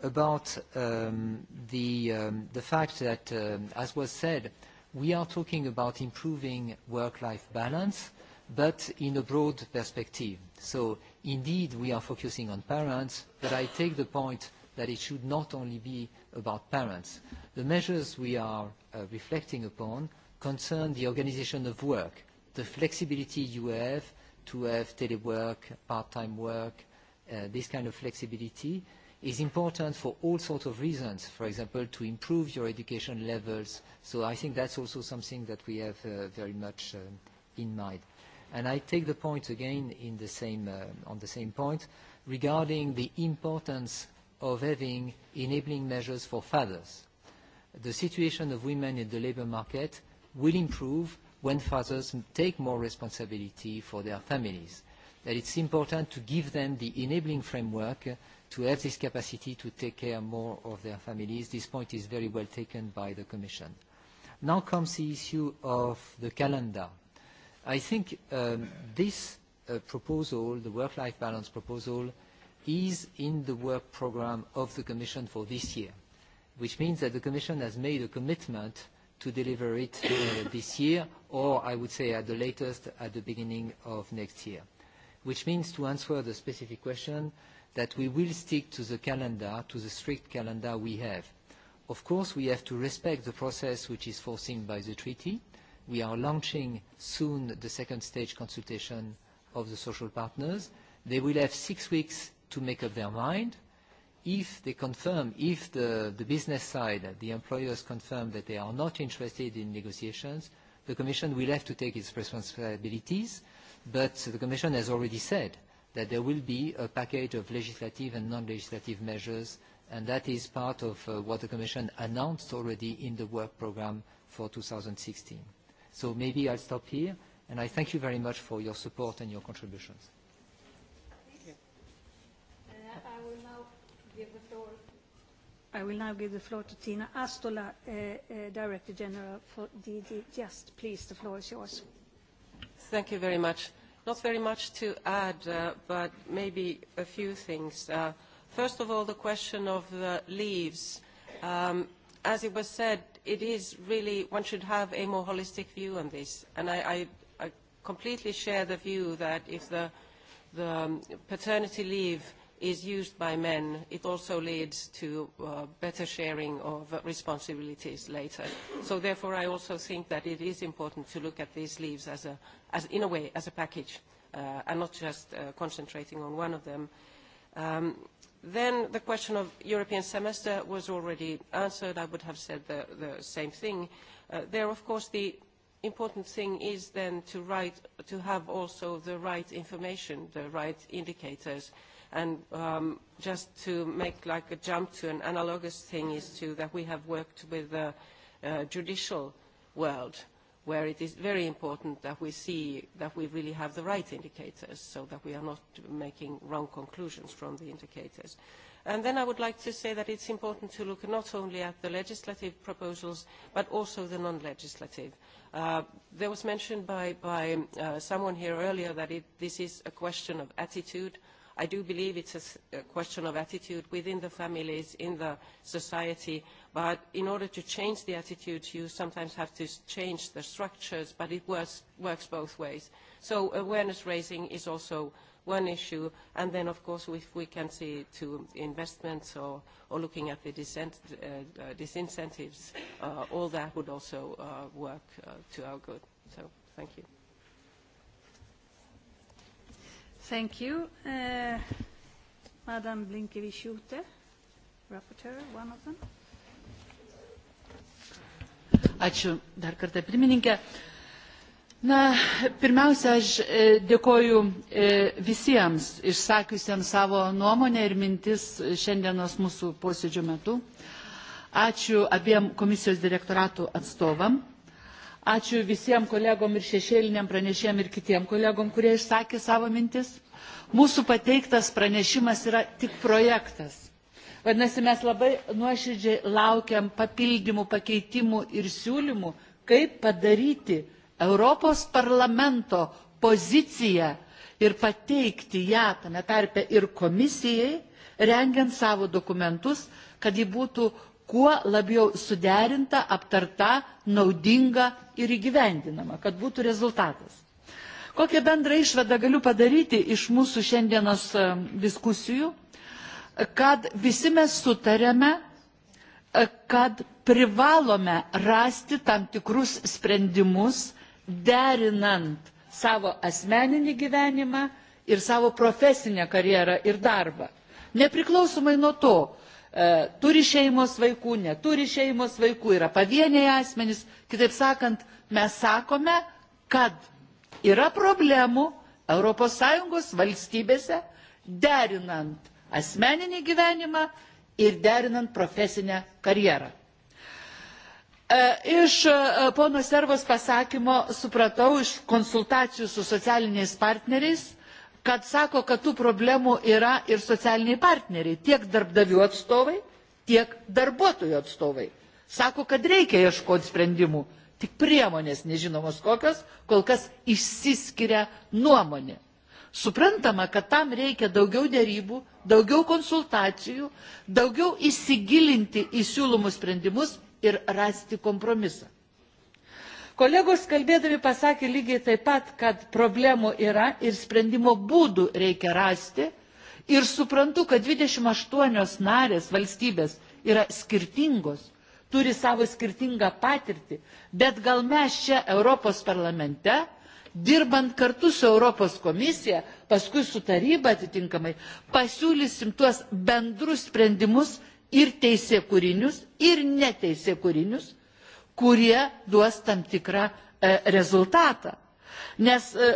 about um, the, um, the fact that, um, as was said, we are talking about improving work-life balance, but in a broad perspective. So indeed, we are focusing on parents, but I take the point that it should not only be about parents. The measures we are uh, reflecting upon concern the organization of work, the flexibility you have to have telework, part-time work, uh, this kind of flexibility is important for all sorts of reasons, for example, to improve your education levels. So I think that's also something that we have uh, very much um, in mind. And I take the point again in the same, uh, on the same point regarding the importance of having enabling measures for fathers the situation of women in the labour market will improve when fathers take more responsibility for their families. That it's important to give them the enabling framework to have this capacity to take care more of their families. This point is very well taken by the Commission. Now comes the issue of the calendar. I think um, this uh, proposal, the work-life balance proposal, is in the work program of the Commission for this year. Uh, which means that the Commission has made a commitment to deliver it uh, this year, or I would say at the latest, at the beginning of next year. Which means, to answer the specific question, that we will stick to the calendar, to the strict calendar we have. Of course, we have to respect the process which is foreseen by the treaty. We are launching soon the second stage consultation of the social partners. They will have six weeks to make up their mind. Uh, if they confirm, if the, the business side, the employers confirm that they are not interested in negotiations, the Commission will have to take its responsibilities, but the Commission has already said that there will be a package of legislative and non-legislative measures, and that is part of uh, what the Commission announced already in the work programme for 2016. So maybe I'll stop here, and I thank you very much for your support and your contributions. I will now give the floor to Tina Astola, uh, uh, Director General for DG JUST. Please, the floor is yours. Thank you very much. Not very much to add, uh, but maybe a few things. Uh, first of all, the question of the leaves. Um, as it was said, it is really, one should have a more holistic view on this. And I, I, I completely share the view that if the, the um, paternity leave – is used by men, it also leads to uh, better sharing of responsibilities later. So therefore, I also think that it is important to look at these leaves as a, as, in a way, as a package, uh, and not just uh, concentrating on one of them. Um, then the question of European semester was already answered. I would have said the, the same thing. Uh, there, of course, the important thing is then to, write, to have also the right information, the right indicators, uh, And um, just to make like a jump to an analogous thing is to that we have worked with the uh, judicial world where it is very important that we see that we really have the right indicators so that we are not making wrong conclusions from the indicators. And then I would like to say that it's important to look not only at the legislative proposals, but also the non-legislative. Uh, there was mentioned by, by uh, someone here earlier that it, this is a question of attitude, uh, I do believe it's a, a question of attitude within the families, in the society, but in order to change the attitudes, you sometimes have to change the structures, but it works, works both ways. So awareness raising is also one issue, and then of course if we can see to investments or, or looking at the dissent, uh, uh, disincentives, uh, all that would also uh, work uh, to our good. So thank you. Thank you. Uh, Madam Blinkevich-Jute, rapporteur, one of them. Ačiū dar kartą pirmininkė. Na, pirmiausia, aš e, dėkoju e, visiems išsakiusiems savo nuomonę ir mintis šiandienos mūsų posėdžio metu. Ačiū abiem komisijos direktoratų atstovam. Ačiū visiems kolegom ir šešėliniam pranešėjom ir kitiem kolegom, kurie išsakė savo mintis. Mūsų pateiktas pranešimas yra tik projektas. Vadinasi, mes labai nuoširdžiai laukiam papildymų, pakeitimų ir siūlymų, kaip padaryti Europos parlamento poziciją ir pateikti ją tame tarpe ir komisijai, rengiant savo dokumentus, kad ji būtų kuo labiau suderinta, aptarta, naudinga ir įgyvendinama, kad būtų rezultatas. Kokią bendrą išvadą galiu padaryti iš mūsų šiandienos e, diskusijų, kad visi mes sutarėme, e, kad privalome rasti tam tikrus sprendimus, derinant savo asmeninį gyvenimą ir savo profesinę karjerą ir darbą. Nepriklausomai nuo to, E, turi šeimos vaikų, neturi šeimos vaikų, yra pavieniai asmenys. Kitaip sakant, mes sakome, kad yra problemų ES valstybėse derinant asmeninį gyvenimą ir derinant profesinę karjerą. E, iš e, pono Servos pasakymo supratau, iš konsultacijų su socialiniais partneriais, kad sako, kad tų problemų yra ir socialiniai partneriai, tiek darbdavių atstovai, tiek darbuotojų atstovai. Sako, kad reikia ieškoti sprendimų, tik priemonės nežinomos kokios, kol kas išsiskiria nuomonė. Suprantama, kad tam reikia daugiau dėrybų, daugiau konsultacijų, daugiau įsigilinti į siūlomus sprendimus ir rasti kompromisą. Kolegos kalbėdami pasakė lygiai taip pat, kad problemų yra ir sprendimo būdų reikia rasti. Ir suprantu, kad 28 narės valstybės yra skirtingos, turi savo skirtingą patirtį, bet gal mes čia Europos parlamente dirbant kartu su Europos komisija, paskui su taryba atitinkamai, pasiūlysim tuos bendrus sprendimus ir teisė kūrinius, ir neteisė kūrinius, kurie duos tam tikrą e, rezultatą. Nes e,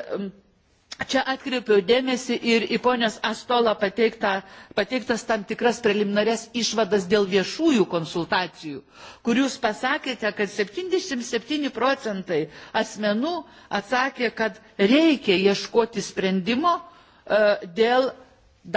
čia atkreipiau dėmesį ir į ponios Astola pateiktą, pateiktas tam tikras preliminarias išvadas dėl viešųjų konsultacijų, kur jūs pasakėte, kad 77 procentai asmenų atsakė, kad reikia ieškoti sprendimo e, dėl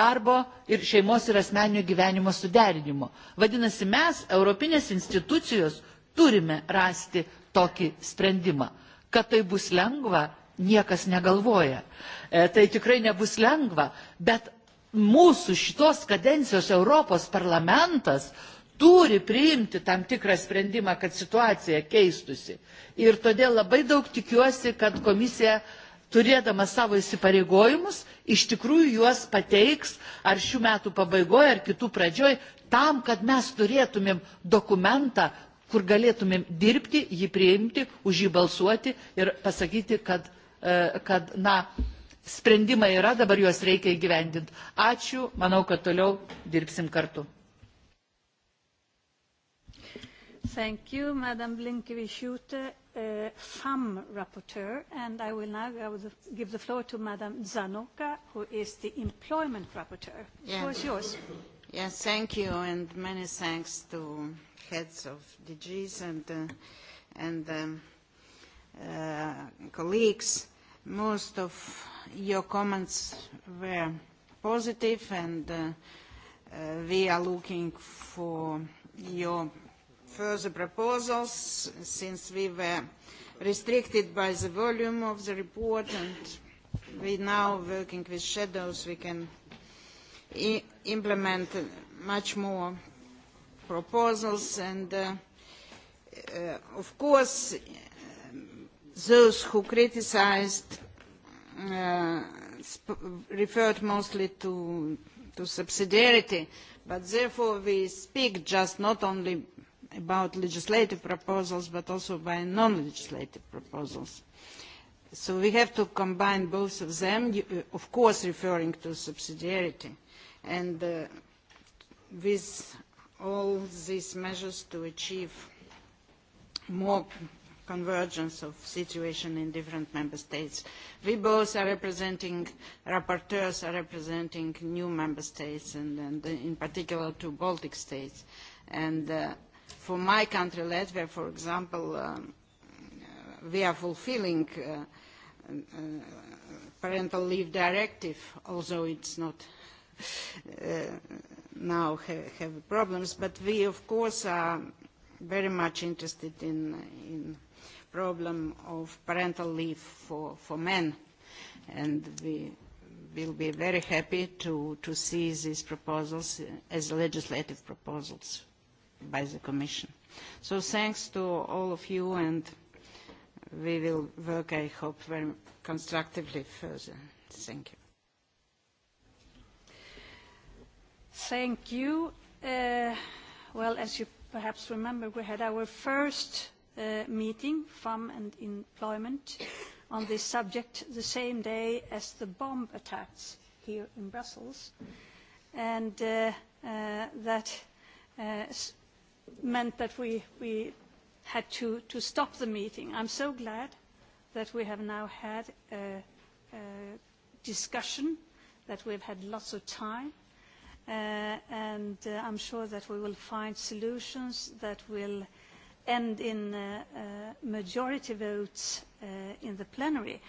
darbo ir šeimos ir asmeninio gyvenimo suderinimo. Vadinasi, mes, Europinės institucijos, turime rasti tokį sprendimą. Kad tai bus lengva, niekas negalvoja. E, tai tikrai nebus lengva, bet mūsų šitos kadencijos Europos parlamentas turi priimti tam tikrą sprendimą, kad situacija keistusi. Ir todėl labai daug tikiuosi, kad komisija, turėdama savo įsipareigojimus, iš tikrųjų juos pateiks ar šių metų pabaigoje, ar kitų pradžioj, tam, kad mes turėtumėm dokumentą, kur galėtumėm dirbti, jį priimti, už jį balsuoti ir pasakyti, kad, e, kad na, sprendimai yra, dabar juos reikia įgyvendinti. Ačiū, manau, kad toliau dirbsim kartu. Thank you, Madam Blinkevichute, uh, FAM rapporteur, and I will now I will give the floor to Madam Zanoka, who is the employment rapporteur. Yeah. The floor is yours. Yes, yeah, thank you, and many thanks to heads of DGs and, uh, and um, uh, colleagues. Most of your comments were positive, and uh, uh, we are looking for your further proposals since we were restricted by the volume of the report, and we now working with shadows, we can implement much more proposals and uh, uh, of course those who criticized uh, referred mostly to, to subsidiarity but therefore we speak just not only about legislative proposals but also by non-legislative proposals. So we have to combine both of them, of course referring to subsidiarity and uh, with all these measures to achieve more convergence of situation in different member states. We both are representing, rapporteurs are representing new member states and, and in particular two Baltic states. And uh, for my country, Latvia, for example, um, uh, we are fulfilling uh, uh, parental leave directive, although it's not Uh, now ha have problems. But we, of course, are very much interested in, in problem of parental leave for, for men, and we will be very happy to, to see these proposals as legislative proposals by the Commission. So thanks to all of you, and we will work, I hope, very constructively further. Thank you. Thank you. Uh, well, as you perhaps remember, we had our first uh, meeting, FAM and Employment, on this subject the same day as the bomb attacks here in Brussels. And uh, uh, that uh, meant that we, we had to, to stop the meeting. I'm so glad that we have now had a, a discussion, that we've had lots of time, uh, uh, and uh, I'm sure that we will find solutions that will end in uh, uh, majority votes uh, in the plenary.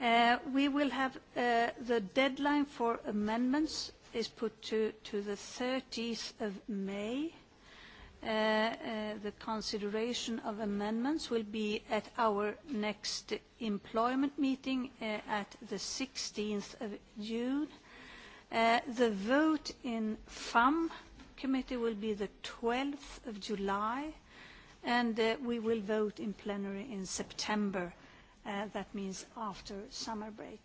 Uh, we will have uh, the deadline for amendments is put to, to the 30th of May. Uh, uh, the consideration of amendments will be at our next employment meeting uh, at the 16th of June. Uh, Uh, the vote in FAM committee will be the 12th of July, and uh, we will vote in plenary in September. Uh, that means after summer break.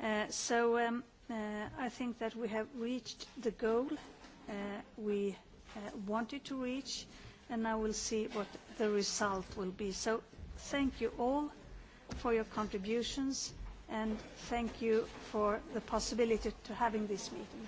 Uh, so um, uh, I think that we have reached the goal uh, we uh, wanted to reach, and now we'll see what the result will be. So thank you all for your contributions and thank you for the possibility to having this meeting.